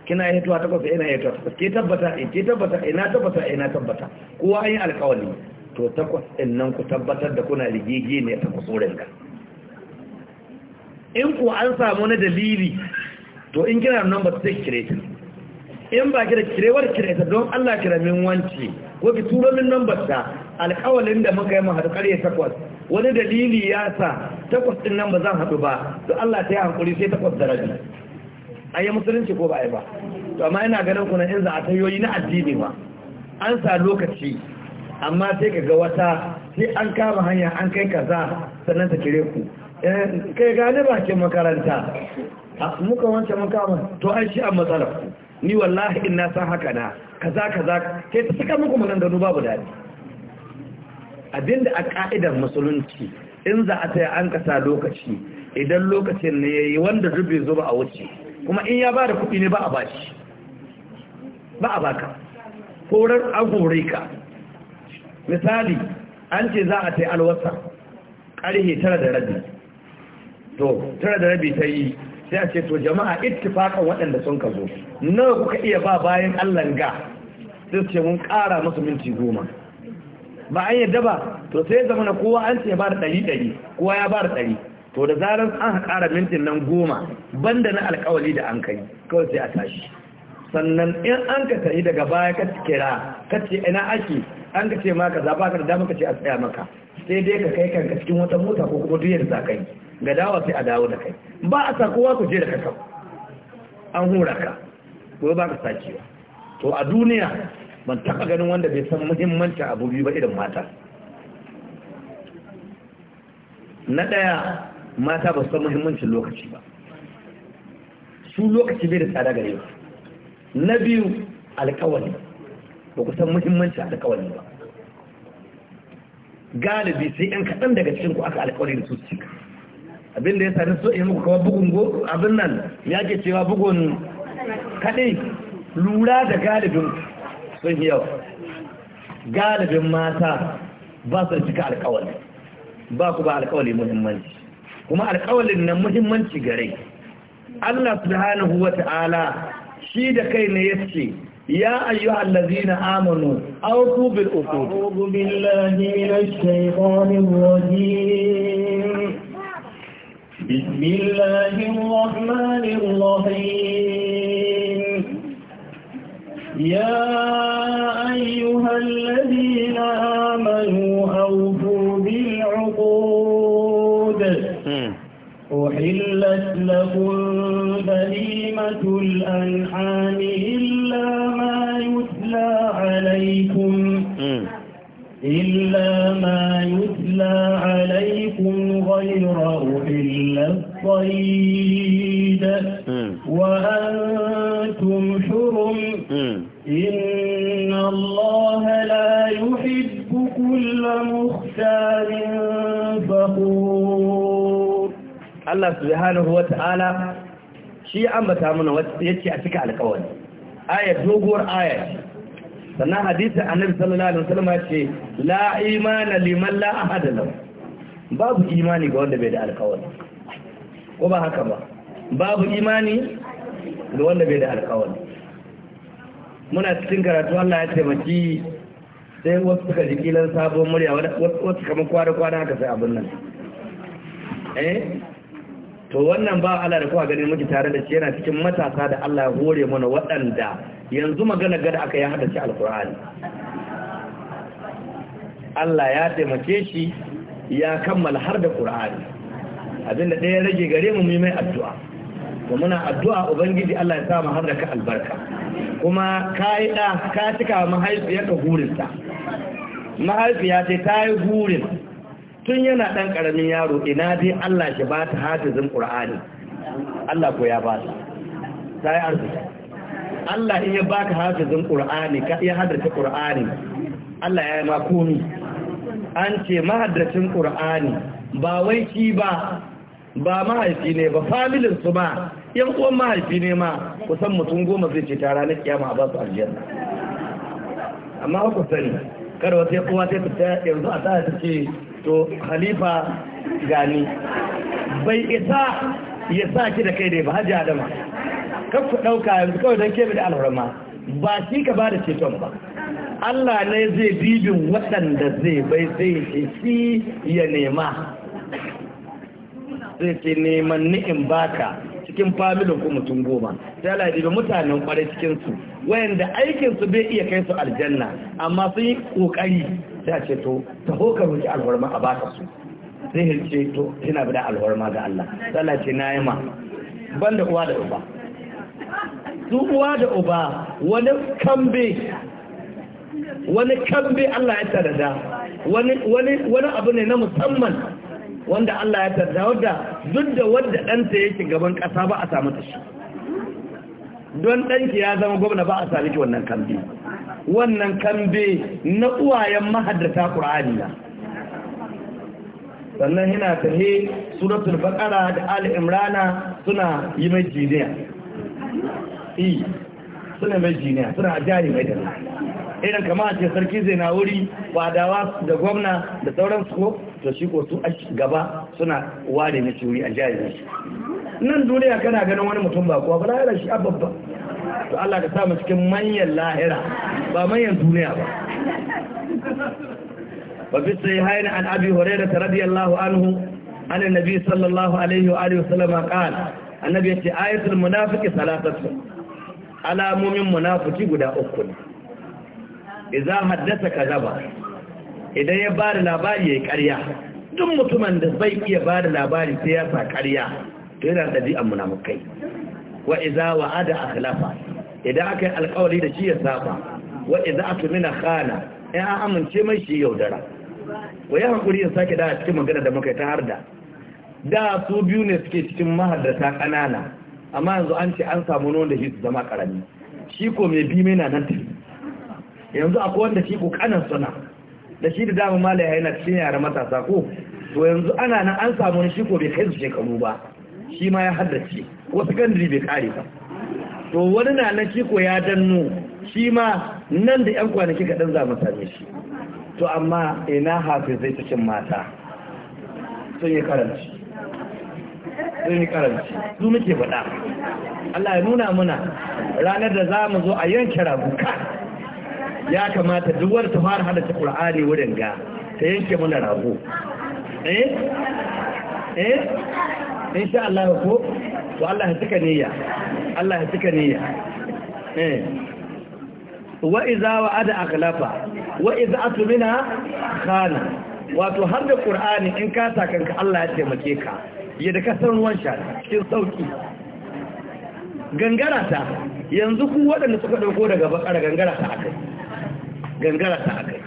kina yi hitowa takwas ina hitowa takwas ke tabbata in ke tabbata ina tabbata ina tabbata kowa an yi alkawali to takwas din nan ku tabbatar da kuna rigege ne ta kusurin ka in ku an samu na dalili to in kina nan ba ta take ta in ba ki da kirewar kireta don Allah kiramin wanci ko ki turo min number ta alƙawalin da muka yi mu haɗu ƙarye takwas wani dalili ya sa takwas ɗin nan ba zan haɗu ba to Allah ta yi hankuri sai takwas da rabi a musulunci ko ba a yi ba to amma ina ganin kunan in za a tayoyi na addini ba an sa lokaci amma sai ka ga wata sai an kama hanya an kai kaza sannan ta kire ku eh, kai gane bakin makaranta muka wancan makama to an shi a matsalar ku ni wallahi in na san haka na kaza kaza Ke ta saka muku maganganu babu dadi. abinda a ka'idar musulunci in za a tsaya an kasa lokaci idan lokacin ne yayi wanda zube zuba a wuce kuma in ya bada kuɗi ne ba a bashi ba a baka horar agore ka misali an ce za a taya alwasa ƙarhe tara da rabi to tara da rabi ta yi sai a ce to jama'a ittifaqan waɗanda sun ka zo nawa kuka iya ba bayan Allah ga sai ce mun kara musu minti goma ba an yadda ba to sai zama na kowa an ce ba da ɗari ɗari kowa ya ba da ɗari to da zarar an kara mintin nan goma banda na alƙawali da an kai kawai sai a tashi sannan in an ka tayi daga baya ka kira ka ce ina ake an ka ce ma ka zaba ka da dama ka ce a tsaya maka sai dai ka kai kanka cikin wata mota ko kuma duyar za kai ga dawa sai a dawo da kai ba a sa kowa ku je da kakau an hura ka gobe ba ka ba, to a duniya ban taɓa ganin wanda bai san muhimmancin abu biyu ba irin mata na ɗaya mata ba su san muhimmancin lokaci ba su lokaci bai da tsada gare ba na biyu alkawali ba ku san muhimmanci alkawali ba galibi sai yan kaɗan daga cikin ku aka alkawali da su cika abin da ya sami so in muku kawai bugun go abin nan ya ke cewa bugun kaɗai lura da galibin sun yawa galibin mata ba su cika alkawali ba ku ba alkawali muhimmanci kuma alkawalin nan muhimmanci gare Allah subhanahu wa ta'ala shi da kai ne يا أيها الذين آمنوا أوفوا بالأقود أعوذ بالله من الشيطان الرجيم بسم الله الرحمن الرحيم يا أيها الذين آمنوا أوفوا بالعقود أحلت لكم بهيمة الأنعام subhanahu ta'ala shi ambata mana yace a cika alƙawari ayat doguwar ayat sannan hadisi annabi sallallahu alaihi wasallam ce la imana liman la ahada lahu babu imani ga wanda bai da alƙawari ko ba haka ba babu imani ga wanda bai da alƙawari muna cikin karatu Allah ya taimaki sai wasu suka ji kilan sabon murya wasu kamar kwana-kwana haka sai abin nan eh to wannan ba Allah da kuma ganin muke tare da shi yana cikin matasa da Allah ya hore mana waɗanda yanzu magana gada aka ya hada shi alkur'ani Allah ya taimake shi ya kammala har da Qur'ani abinda ɗaya rage gare mu mai addu'a to muna addu'a ubangiji Allah ya samu har da ka albarka kuma ka yi ɗa ka cika mahaifiyarka hurinta mahaifiya ce ta yi hurin tun yana ɗan ƙaramin yaro ina dai Allah shi ba ta zin ƙur'ani Allah ko ya ba ta ta yi arziki Allah in ya ba ka hafizin ƙur'ani ka iya haddace ƙur'ani Allah ya yi makomi, an ce mahaddacin ƙur'ani ba wai shi ba ba mahaifi ne ba familin su ba yan uwan mahaifi ne ma kusan mutum goma zai ce tara na kiyama a ba su amma ku sani kada wata uwa sai ta yanzu a ta ce to khalifa gani bai isa ya sa ki da kai dai ba Haji adama kan ku ɗauka yanzu kawai don kebe da alhurma ba shi ka ba da ceton ba Allah ne zai bibin waɗanda zai bai sai shi ya nema zai ce neman ni'in baka cikin familin ku mutum goma sai Allah ya mutanen kwarai cikin su wayanda aikinsu bai iya kai su aljanna amma sun yi ƙoƙari. sai a ce to taho hokar wuce alhorma a baka su sai ya ce to bi bada alhorma ga Allah sallah ce na yi ma ban da uwa da uba su uwa da uba wani kambe wani kambe Allah ya tarada wani wani wani abu ne na musamman wanda Allah ya tarada wanda duk da wanda ɗanta yake gaban ƙasa ba a samu ta shi don ɗanki ya zama gwamna ba a sami ki wannan kambe wannan kambe na uwayen mahaddata ƙur'ani na sannan yana tahe suratul baqara da al imrana suna yi mai jiniya i suna mai jiniya suna jari mai da irin kama a ce sarki zai na wuri wadawa da gwamna da sauran su ko to shi ko su gaba suna ware na ciwuri a jari nan duniya kana ganin wani mutum ba kuwa ba la shi a to Allah ka sa mu cikin manyan lahira ba manyan duniya ba wa fi sahihain an abi hurairah radiyallahu anhu an annabi sallallahu alaihi wa alihi wasallam qala annabi yace ayatul munafiqi salatatu alamomin munafiki guda uku ne idan haddasa kadaba idan ya bada labari yayi ƙarya duk mutumin da bai iya bada labari sai ya sa ƙarya to yana da dabi'an munafikai wa iza wa'ada akhlafa idan aka yi alkawari da shi ya saba wa idza atmina khana in an amince mai shi yaudara ko ya hakuri ya sake da cikin magana da muka ta harda da su biyu ne suke cikin mahaddata kanana amma yanzu an ce an samu da shi su zama karami shi ko mai bi mai nan tafi yanzu akwai wanda shi ko kanan suna da shi da dama malaya yana cikin yara matasa ko to yanzu ana nan an samu wani shi ko bai kai su shekaru ba shi ma ya haddace wasu gandiri bai kare ba to wani na nan shi ko ya danno shi ma nan da yan kwanaki kaɗan za mu same shi to amma ina zai cikin mata sun yi karanci sun yi karanci su muke faɗa Allah ya nuna muna ranar da za mu zo a yanke rabuka ya kamata duk wanda ta fara hada ta Qur'ani wurin ga ta yanke muna rago eh eh sha Allah ya ko to Allah ya saka niyya Allah ya cika niyya eh. wa iza wa ada akhlafa wa iza atmina khana wato har da qur'ani in ka sakanka Allah ya taimake ka ya da kasar ruwan sha cikin sauki gangara ta yanzu ku waɗanda suka dauko daga bakara gangara ta akai gangara ta akai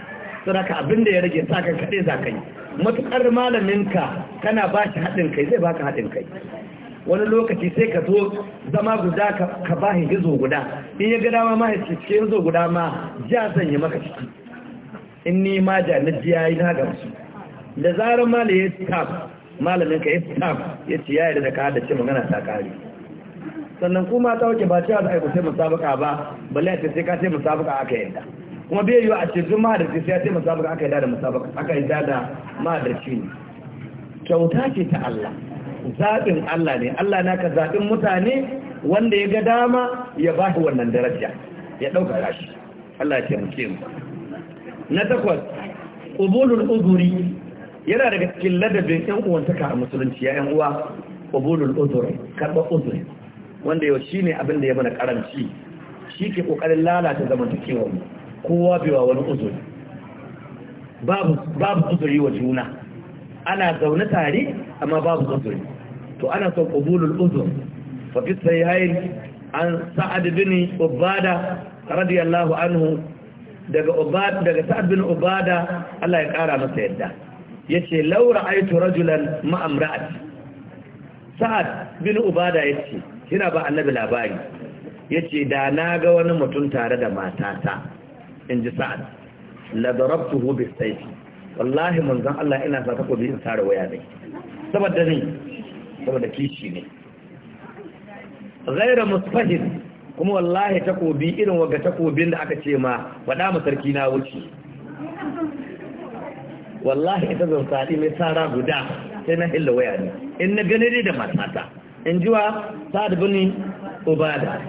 saboda abinda ya rage sakan kaɗai za ka yi matukar malaminka kana ba shi haɗin kai zai baka hadin kai wani lokaci sai ka zo zama guda ka ba gizo guda in ya gada ma ma ya cike gizo guda ma ja zanye maka ciki in ni ma ja na jiya yi na gamsu da zarar ma da ya staff malamin ka ya staff ya ci ya da ka da ce magana ta kare sannan kuma ta wuce ba cewa za a yi kusa sai ba balle ya ce sai ka sai musabaka aka yadda, kuma bai yiwu a ce duk mahadarci sai ya sai musabaka aka yi da musabaka aka yi da mahadarci ne kyauta ce ta Allah zaɓin Allah ne Allah na ka zaɓin mutane wanda ya ga dama ya ba shi wannan daraja ya ɗauka shi Allah ya muke mu na takwas ƙubulun uzuri yana daga cikin ladabin ƴan uwantaka a musulunci ya ‘yan uwa ƙubulun uzuri karɓar uzuri wanda yau ne abin da ya mana karanci shi ke ƙoƙarin lalata zamantakewar mu kowa biwa wani uzuri babu uzuri wa juna ana zaune tare amma babu uzuri to ana son qabulul uzr fa fi an sa'ad bin ubada radiyallahu anhu daga ubada daga sa'ad bin ubada Allah ya kara masa yadda yace law ra'aytu rajulan ma'a imra'at sa'ad bin ubada yace kina ba annabi labari yace da na ga wani mutum tare da matata inji sa'ad la darabtuhu bis wallahi manzon Allah ina sa takobi in sare waya ne saboda ni saboda kishi ne ghaira musfahin kuma wallahi takobi irin waga takobin da aka ce ma wada mu sarki na wuce wallahi ita zan sadi mai tsara guda sai na hilla waya ne in na gane da matata in jiwa sa'ad bin ubada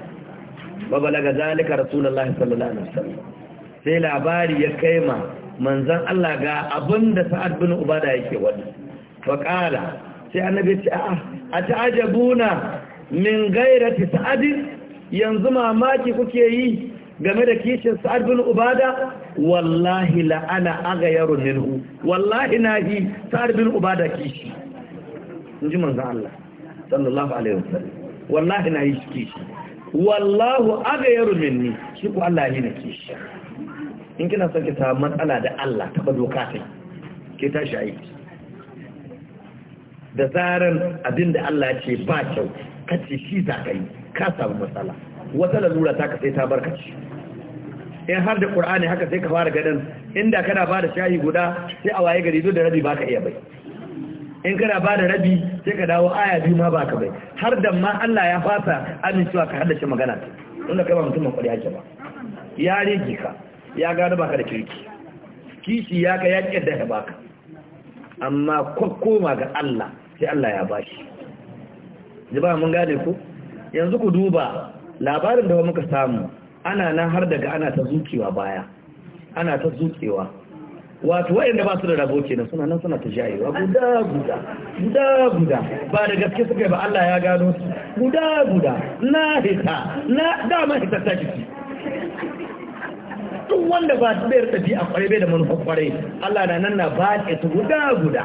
wa balaga zalika rasulullahi sallallahu alaihi wasallam sai labari ya kai ma manzon Allah ga abinda sa'ad bin ubada yake wani wa qala sai annabi ce a'a a ta'ajabuna min gairati Sa'ad yanzu mamaki kuke yi game da kishin sa'ad bin ubada wallahi la'ana agayaru minhu wallahi nahi sa'ad bin ubada kishi inji manzo Allah sallallahu alaihi wasallam wallahi nahi kishi wallahu agayaru minni shi ku Allah ne kishi in kina son ki ta matsala da Allah ta doka sai ke tashi aiki da zaran abin da Allah ce ba kyau kace shi za ka yi ka samu matsala wata lalura ta ka sai ta barka ci. in har da ƙur'ani haka sai ka fara gadon inda kana ba da shayi guda sai a waye gari da rabi ba ka iya bai in kana ba da rabi sai ka dawo aya biyu ma ba ka bai har da ma Allah ya fasa amincewa ka haddace magana ta inda kai ba mutumin ƙwari hake ba ya rege ka ya gano baka da kirki kishi ya ka ya ƙyar da baka amma kokoma ga Allah sai Allah ya bashi jama'a mun gane ku yanzu ku duba labarin da muka samu ana nan har daga ana ta zukewa baya ana ta zukewa wato wayanda ba su da rabo kenan suna nan suna ta jayewa guda guda guda guda ba da gaske suka yi ba Allah ya gano su guda guda na hita na dama hita ta jiki duk wanda ba bayar tafiya kware bai da manufa kware, Allah na nan na ba ta guda guda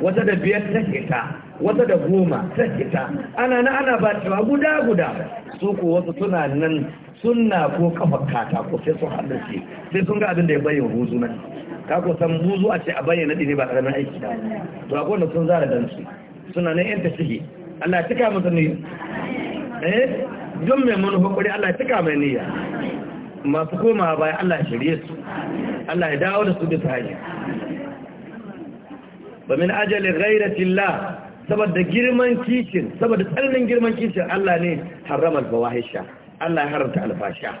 wata da biyar ta hita wata da goma ta hita ana na ana ba ta guda guda su ko wasu suna nan sunna ko kafa ko sai sun haddace sai sun ga abin da ya bayyana huzu nan ka ko san huzu a ce a bayyana ne ba karamin aiki ba to a wanda sun zara dan su suna nan yan tashihi Allah ya tuka musu ne eh don mai manufa kware Allah ya tuka mai niyya masu koma baya Allah ya shirye su Allah ya dawo da su bisa hanya ba min ajalin tilla saboda girman kishin saboda tsananin girman kishin Allah ne harramal fawahisha Allah ya haramta alfasha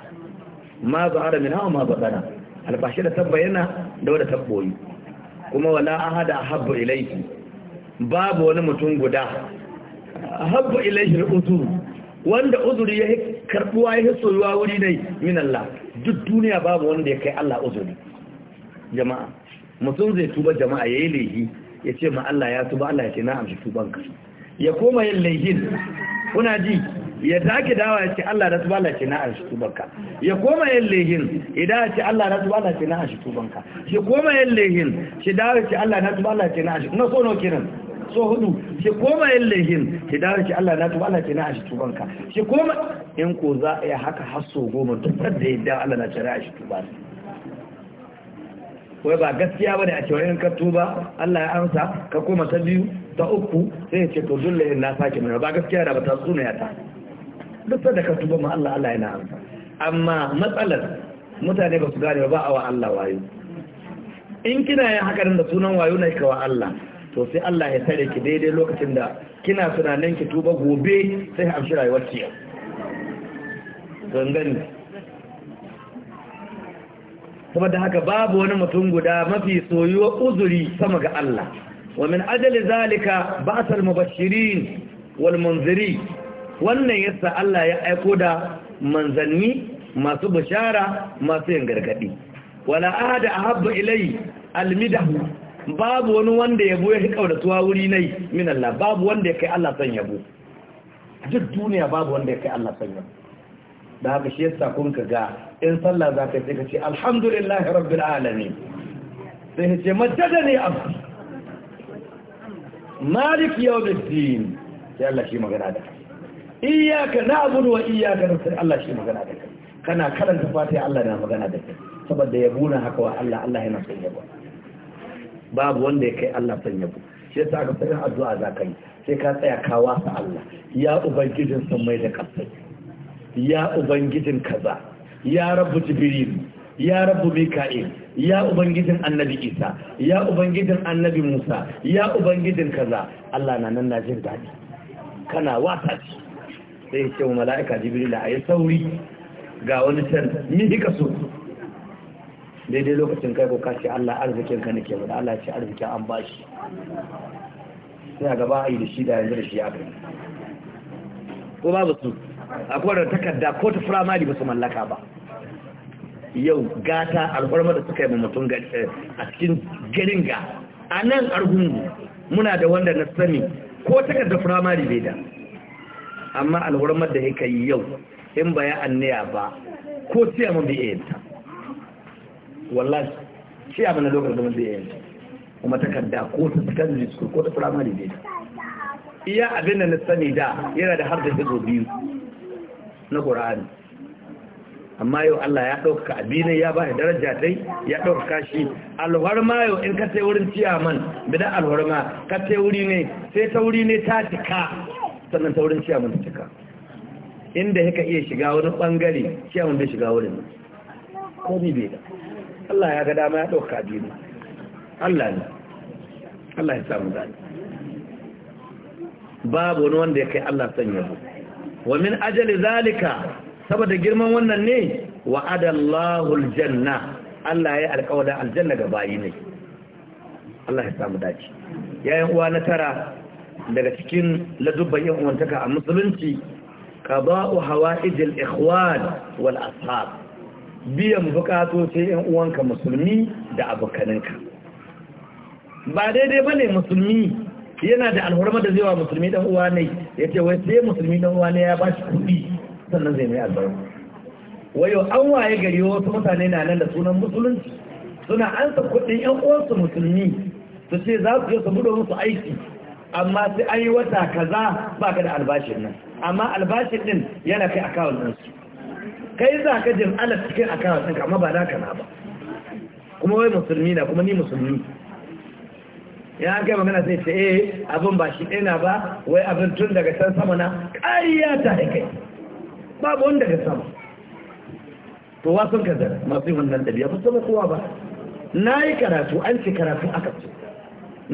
ma zahara min hawa ma badana alfasha da tabbayana da wanda tabboyi kuma wala ahada habbu ilayhi babu wani mutum guda habbu ilayhi al uzur. wanda uzuri ya karbuwa ya soyuwa wuri ne min Allah duk duniya babu wanda ya kai Allah uzuri jama'a mutum zai tuba jama'a yayi laifi ya ce ma Allah ya tuba Allah ya ce na amshi tuban ka ya koma yin laifin kuna ji ya take dawa ya ce Allah na tuba Allah ya ce na amshi tuban ka ya koma yin laifin idan ya ce Allah na tuba Allah ya ce na amshi tuban ka ya koma yin laifin shi dawa ya ce Allah na tuba Allah ya ce na amshi na so no kenan so hudu shi koma yin lehin shi dawo shi Allah na tuba Allah ke na a shi tubanka shi koma in ko za a yi haka hasso goma duk da yadda Allah na ce na a shi tuba wai ba gaskiya ba ne a cewa yin ka tuba Allah ya amsa ka koma ta biyu ta uku sai ce to dole in na sake mai ba gaskiya da ba ta tsuna ya ta duk da ka tuba ma Allah Allah ya na amsa amma matsalar mutane ba su gane ba a wa Allah wayo in kina yin hakarin da sunan wayo ne ka wa Allah to sai Allah ya tare ki daidai lokacin da kina tunanin ki tuba gobe sai ki amshi rayuwar ki gangani saboda haka babu wani mutum guda mafi soyuwa uzuri sama ga Allah wa min ajali zalika ba'sal mubashirin wal munziri wannan yasa Allah ya aiko da manzanni masu bishara masu yin gargadi wala ahada ahabba ilai almidahu babu wani wanda yabo ya kaudatuwa wuri nai min Allah babu wanda ya kai Allah san yabo duk duniya babu wanda ya kai Allah san yabo da haka shi yasa kun ka ga in sallah za ka ce ka ce alhamdulillah rabbil alamin sai ka ce madada ne abu malik yawmiddin sai Allah shi magana da kai iyyaka na'budu wa iyyaka nasta'in Allah shi magana da kai kana karanta fatiha Allah na magana da kai saboda yabo na haka wa Allah Allah yana son yabo babu wanda ya kai Allah san yabo shi yasa aka tsaya addu'a za ka yi sai ka tsaya ka wasa Allah ya ubangijin san mai da kasai ya ubangijin kaza ya rabbu jibril ya rabbu mika'il ya ubangijin annabi isa ya ubangijin annabi musa ya ubangijin kaza Allah na nan na jin kana wata ce. sai ya ce mala'ika jibril a yi sauri ga wani can ni hika so daidai lokacin kai ko ka ce Allah arzikin ka nake wani Allah ce arzikin an bashi sai a gaba a yi da shi da yanzu da shi ya gani ko babu su akwai da takarda ko ta firamari ba su mallaka ba yau gata alfarma da suka yi mutum eh, a cikin garin ga a nan argun muna da wanda na sani ko takarda firamari bai da amma alfarmar da ya kai yau in ba ya annaya ba ko siya mun bi'ayyanta wallahi shi abin da lokacin zaman zai yanzu kuma takarda ko ta secondary school ko ta primary dai iya abin da na sani da yana da da hizo biyu na ƙorani amma yau Allah ya ɗauka abinai ya ba daraja dai ya ɗauka shi ma yau in ka sai wurin ciyaman alwar ma ka sai wuri ne sai ta wuri ne ta cika sannan ta wurin ciyaman ta cika inda haka iya shiga wani bangare ciyaman bai shiga wurin ko ni bai da Allah ya ga dama ya ɗauka addini Allah ne Allah ya samu gani babu wani wanda ya kai Allah san yabo wa min ajali zalika saboda girman wannan ne wa adallahu aljanna Allah ya alƙawarin aljanna ga bayi ne Allah ya samu dace yayin uwa na tara daga cikin ladubban yan uwantaka a musulunci qada'u hawa'ijil ikhwan wal ashab biyan ce yan uwanka musulmi da abokaninka ba daidai bane musulmi yana da alhurma da zai wa musulmi dan uwa ne ce wai sai musulmi dan uwa ne ya ba shi kuɗi sannan zai mai albarka wayo an waye gari wasu mutane na nan da sunan musulunci suna ansa kuɗin yan uwansu musulmi su ce za su yi su musu aiki amma sai an yi wata kaza baka da albashin nan amma albashin din yana kai akawun ɗinsu kai za ka jin ala cikin akawun ɗinka amma ba naka na ba kuma wai musulmi na kuma ni musulmi ya kai magana sai ce eh abin ba shi ɗina ba wai abin tun daga can sama na ƙariya ta haikai kai babu wani daga sama to wa sun kaza masu wannan ɗabi'a ba su kowa ba na yi karatu an ce karatu aka ce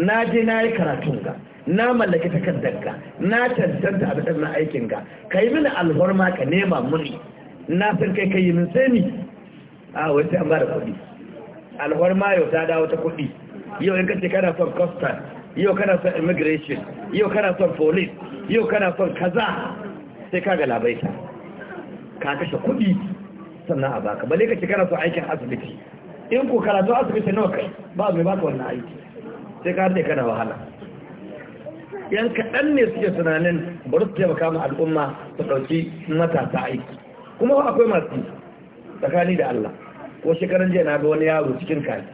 na je na yi karatu ga na mallaki takardar ga na cancanta abin na aikin ga ka yi mini alhorma ka nema muni na san kai kai min sai ni a wai sai an ba da kuɗi alhawar mayo ta dawo ta kuɗi yau in kace kana son custom yau kana son immigration yau kana son police yau kana son kaza sai ka ga labaita ka kashe kuɗi sannan a baka balle kace kana son aikin asibiti in ko karatu asibiti nawa kai ba mai baka wannan aiki sai ka harde kana wahala yan kaɗan ne suke tunanin bari su taimaka ma al'umma su ɗauki matasa aiki kuma akwai masu tsakani da Allah ko shekaran jiya na ga wani yaro cikin kaki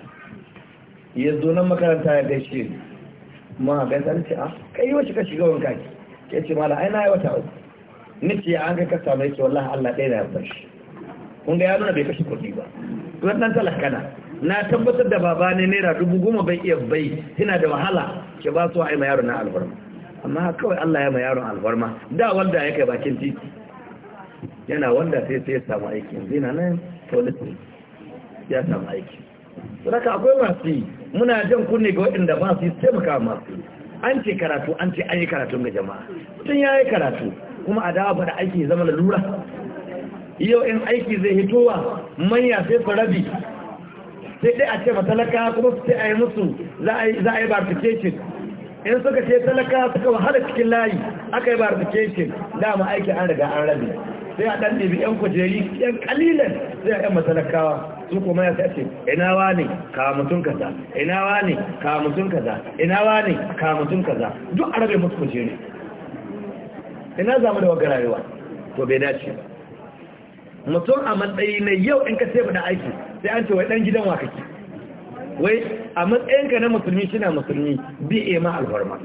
ya zo nan makaranta ya gaishe ma ga san ce a ah, kai yi wace ka shiga wani kaki ya ce mala ai na yi wata uku ni ce an kai kasa mai ce wallahi Allah ɗaya na yarda shi kun ga yaro na bai kashe kuɗi ba kuma dan talakana na tabbatar da baba ne naira dubu goma bai iya bai yana da wahala ke ba su a yi ma yaro na alfarma amma kawai Allah ya ma yaron alfarma da wanda ya kai bakin titi yana wanda sai sai samu aiki yanzu yana nan tolisi ya samu aiki saka akwai masu yi muna jan kunne ga waɗanda ba su yi muka masu yi an ce karatu an ce an yi karatu ga jama'a tun ya yi karatu kuma a dawa ba da aiki zama lalura yau in aiki zai hitowa manya sai farabi sai dai a ce matalaka kuma su ce a yi musu za a yi barfication in suka ce talaka suka wahala cikin layi aka yi barfication dama aiki an riga an rabe sai a ɗan ɗibi ‘yan kujeri ‘yan ƙalilan sai a ‘yan matalakawa su kuma ya sace ina wa ne ka mutum kaza ina wa ne ka mutum kaza ina wa ne ka mutum kaza duk a rabe musu kujeri ina za mu da wagar rayuwa to bai dace ba mutum a matsayi na yau in ka sai da aiki sai an ce wai dan gidan wa kake wai a matsayinka na musulmi shi musulmi bi ma alfarma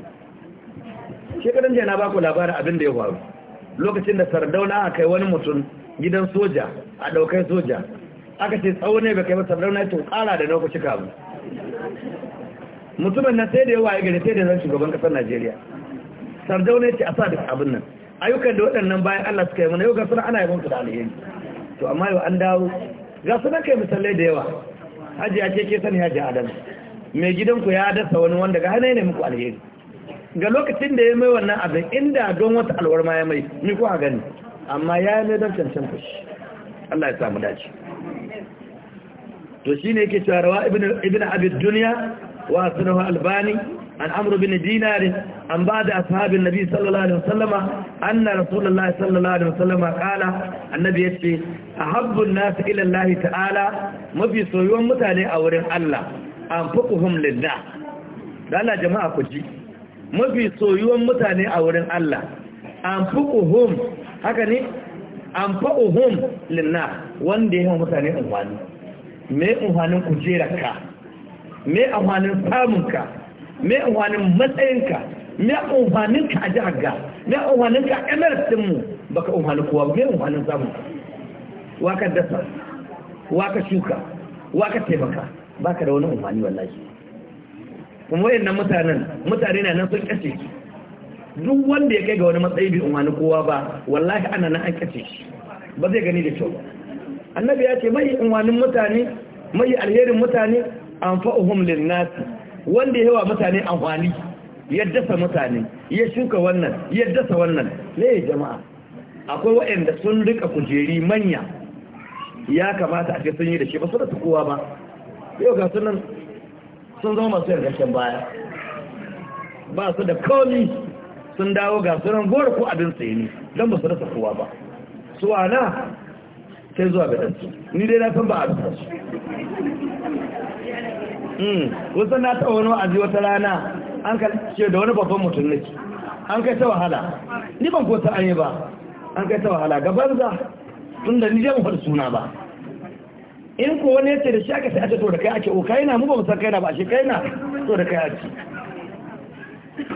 shekaran jiya na baku labarin abin da ya faru lokacin da sardauna a kai wani mutum gidan soja a daukai soja aka ce tsawon ne bai kai ba sardauna ya tsara da lokaci kamu mutumin nan sai da yawa ya gari sai da zan shugaban kasar najeriya sardauna ya ce a sa duk abin nan ayyukan da waɗannan bayan allah suka yi mana yau gasar ana yi mutu da alheri to amma yau an dawo ga su na kai misalai da yawa hajiya ce ke sani hajiya adam mai gidanku ya dasa wani wanda ga hana ne muku alheri ga lokacin da ya mai wannan abin inda don wata alwar ma ya mai ni ko a gani amma ya yi mai don cancan shi Allah ya samu dace to shi ne yake cewa rawa ibn abin duniya wa sunawa albani an amuru bin dinarin an ba da asabin nabi sallallahu alaihi wasallama anna rasulullahi sallallahu alaihi wasallama kala annabi a habbin nasu ila Allah ta'ala mafi soyuwan mutane a wurin Allah an fuquhum lillah dala jama'a ku ji mafi soyuwan mutane a wurin Allah anfuquhum haka ne anfa'uhum linna wanda yawan mutane amfani me amfanin kujerarka me amfanin samunka me amfanin matsayinka me amfanin ka a jihaga me amfanin ka a emirtin mu baka amfanin kowa me amfanin samunka waka dasa waka shuka waka taimaka baka da wani amfani wallahi kuma wayannan mutanen mutane na nan sun kace duk wanda ya kai ga wani matsayi bi umarni kowa ba wallahi ana nan an kace ba zai gani da kyau annabi ya ce mai umarnin mutane mai alherin mutane anfa'uhum linnas wanda yawa mutane amfani ya dasa mutane ya shuka wannan ya dasa wannan ne jama'a akwai waɗanda sun rika kujeri manya ya kamata a ce sun yi da shi ba su da kowa ba yau ga sunan sun zama masu yarkashin baya ba su da komi sun dawo ga sunan gora ko abin tsaye ne don ba su rasa kowa ba su wana sai zuwa ga ɗansu ni dai na san ba a bisa su wasu hmm, na ta wani wa'azi wata rana an ka ce da wani babban mutum nake an kai ta wahala ni ban ko ta an yi ba an kai ta wahala ga banza tun da ni je mu faɗi suna ba in ko wani yace da shi aka sai aka to da kai ake o kai na mu ba mu san kai na ba shi kai na to da kai ake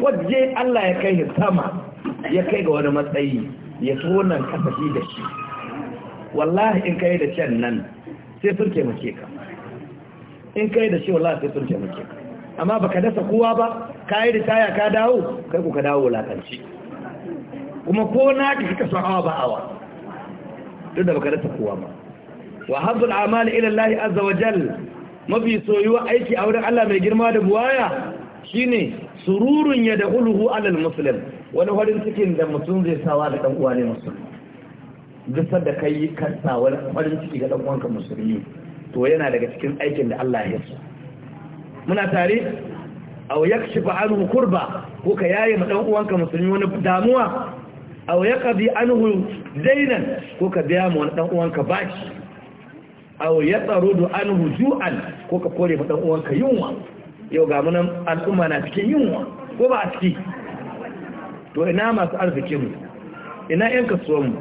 waje Allah ya kai sama ya kai ga wani matsayi ya tonan kasafi da shi wallahi in kai da can nan sai sun muke ka in kai da shi wallahi sai sun muke ka amma baka dasa kowa ba ka yi ritaya ka dawo kai ku ka dawo lakanci kuma ko na ka kika son awa ba awa duk da baka dasa kowa ba wa habbul amal ila Allah azza wa jal mafi soyuwa aiki a wurin Allah mai girma da buwaya shine sururun ya da huluhu, alal muslim wani farin cikin da mutum zai sawa da dan uwa ne musulmi duk da kai kansa wani farin ciki ga dan uwanka musulmi to yana daga cikin aikin da Allah ya so muna tare aw yakshifa anhu kurba ko ka yaye ma dan uwanka musulmi wani damuwa aw yaqdi anhu dainan ko ka biya ma wani dan uwanka bashi aw yatarudu an hujuan ko ka kore fa dan uwanka yunwa yau ga munan al'umma na cikin yunwa ko ba a ciki to ina masu arzikinmu, ina yan kasuwanmu, mu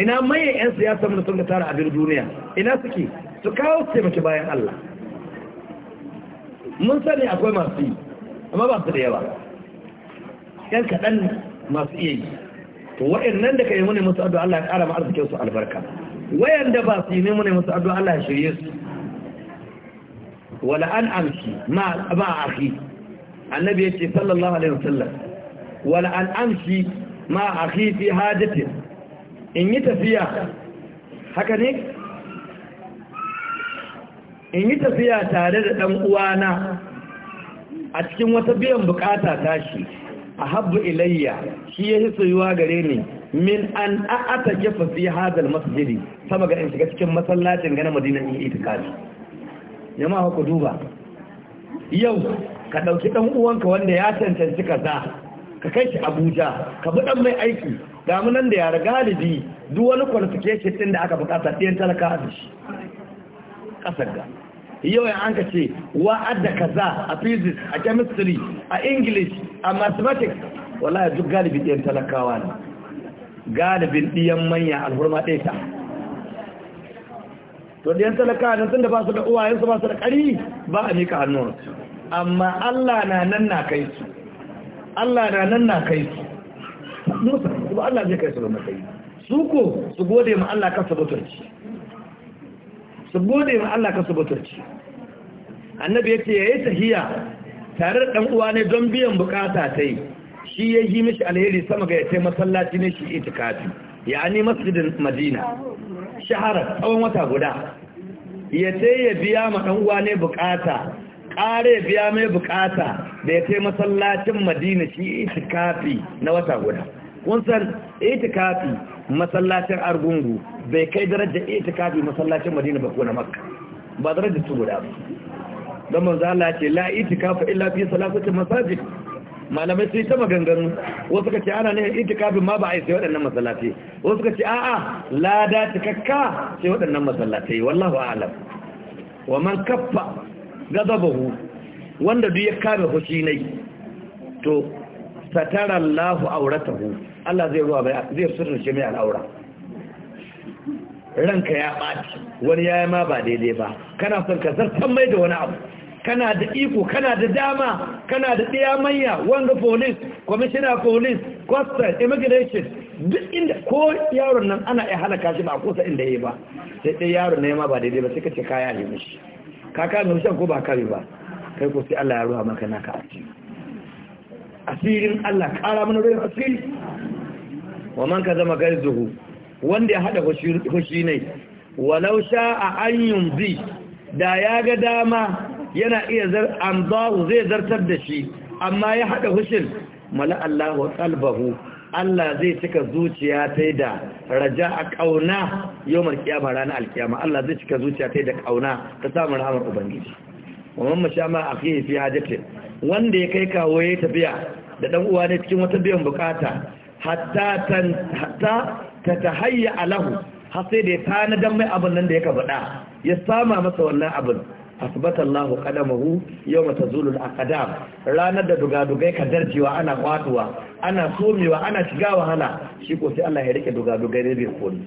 ina manyan yan siyasa mu sun tara abin duniya ina suke su kawo su taimaki bayan Allah mun sani akwai masu yi amma ba su da yawa yan kaɗan masu iya yi to wa'annan da ka yi muni musu addu'a Allah ya ƙara ma arzikin su albarka Wayan da ba su yi nemo ne masu addu'a Allah ya shirye su wala an amshi ma a fi annabi ya ce sallallahu alaihi wasallam wala an amshi ma a fi hajati in yi tafiya haka ne in yi tafiya tare da ɗan uwana a cikin wata biyan bukata tashi A Habu ilayya shi yahi soyuwa gare ni min an a'ata kifa fi hadal masjidi sama ga in shiga cikin masallacin ga madina in yi itikafi jama'a ku duba yau ka dauki dan uwanka wanda ya cancanci kaza ka kai shi Abuja ka bi dan mai aiki ga mun nan da ya galibi duk wani qualification din da aka bukata ɗiyan talaka a shi kasar ga yau an ka ce wa adda kaza a physics a chemistry a english a mathematics wallahi duk galibi din talakawa ne galibin ɗiyan manya alhurma ɗaya ta to ɗiyan talaka nan tun da ba su da uwayensu ba su da ƙari ba a miƙa hannun amma Allah na nan na kai su Allah na nan na kai su musa kuma Allah zai kai su ga matsayi su ko su gode ma Allah kasa batarci su gode ma Allah kasa batarci annabi ya ce ya yi tahiya tare da ɗan uwa ne don biyan bukata ta yi shi ya yi mishi alheri sama ga ya ce masallaci ne shi itikafi ya ni masjidin madina shahara tsawon wata guda ya ce ya biya ma ɗan uwa ne bukata ƙare biya mai bukata da ya ce masallacin madina shi itikafi na wata guda kun san itikafi masallacin argungu bai kai darajar itikafi masallacin madina ba ko na makka ba darajar su guda ba don manzala ce la itikafa illa fi masajid malamai sai ta maganganu wasu ka ce ana ne itikafin ma ba a yi sai waɗannan masallatai wasu ka ce a lada cikakka sai waɗannan masallatai wallahu a'lam wa man kaffa gazabahu wanda duk ya kame fushi nai to satara Allah auratahu Allah zai ruwa zai sirrince mai al'aura ranka ya ɓaci wani ya ma ba daidai ba kana son ka zartan mai da wani abu kana da iko kana da dama kana da manya wanga police commissioner police coastal immigration duk inda ko yaron nan ana iya halaka shi ba a kusa inda ya ba sai dai yaron na ma ba daidai ba sai ka ce kaya ne mishi kaka ne mishi ko ba kame ba kai ko sai Allah ya ruwa maka naka aji. asirin Allah kara mana ruwan asiri wa man ka zama garzuhu wanda ya hada hushi ne walau sha'a an yumzi da ya ga dama yana iya zar amdahu zai zartar da shi amma ya haɗa hushin mala Allahu qalbahu Allah zai cika zuciya ta da raja a ƙauna yawmar kiyama ranar alkiyama Allah zai cika zuciya ta da ƙauna ta samun rahamar ubangiji wannan mashama akhihi fi hajatin wanda ya kai kawo ya tafiya da dan uwa ne cikin wata biyan bukata hatta hatta ta tahayya alahu har sai da ya tanadan mai abin nan da ya ka faɗa ya sama masa wannan abin asbata Allahu qadamahu yawma tazulu al-aqdam ranar da dugadugai ka darjewa ana kwatuwa ana somewa ana shiga wahala shi ko sai Allah ya rike dugadugai ne bai koli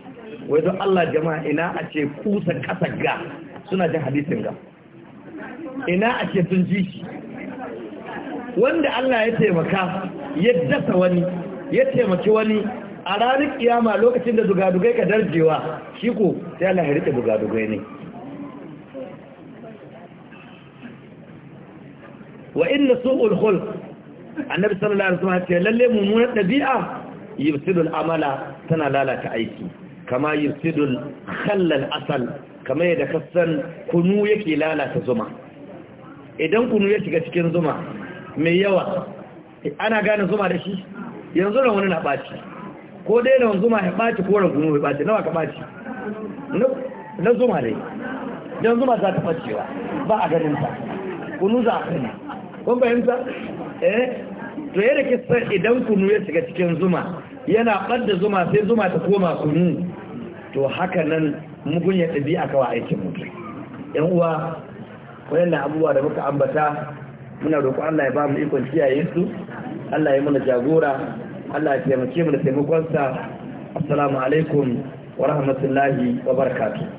wai don Allah jama'a ina a ce kusa kasa ga suna jin hadisin ga ina a ce sun ji shi wanda Allah ya taimaka ya dasa wani ya taimaki wani a ranar kiyama lokacin da dugadugai ka darjewa shi ko sai Allah ya rike dugadugai ne wa inna su'ul khulq annabi sallallahu alaihi wasallam ce lalle mummunar dabi'a yufsidul amala tana lalata aiki kama yufsidul khallal asal kama yadda kasan kunu yake lalata zuma idan kunu ya shiga cikin zuma mai yawa ana gane zuma da shi yanzu ran wani na baci ko dai na zuma ya ɓaci ko ran kunu ya ɓaci nawa ka ɓaci na zuma dai dan zuma za ta ɓacewa ba a ganin ta kunu za a kai kun fahimta eh to yadda san idan kunu ya shiga cikin zuma yana ɓadda zuma sai zuma ta koma kunu to haka nan mugun ya ɗabi a kawo aikin mutu yan uwa wayannan abubuwa da muka ambata muna roƙo Allah ya ba mu ikon kiyaye su Allah ya mana jagora Allah ya taimake mu da taimakonsa assalamu alaikum wa rahmatullahi wa barakatuh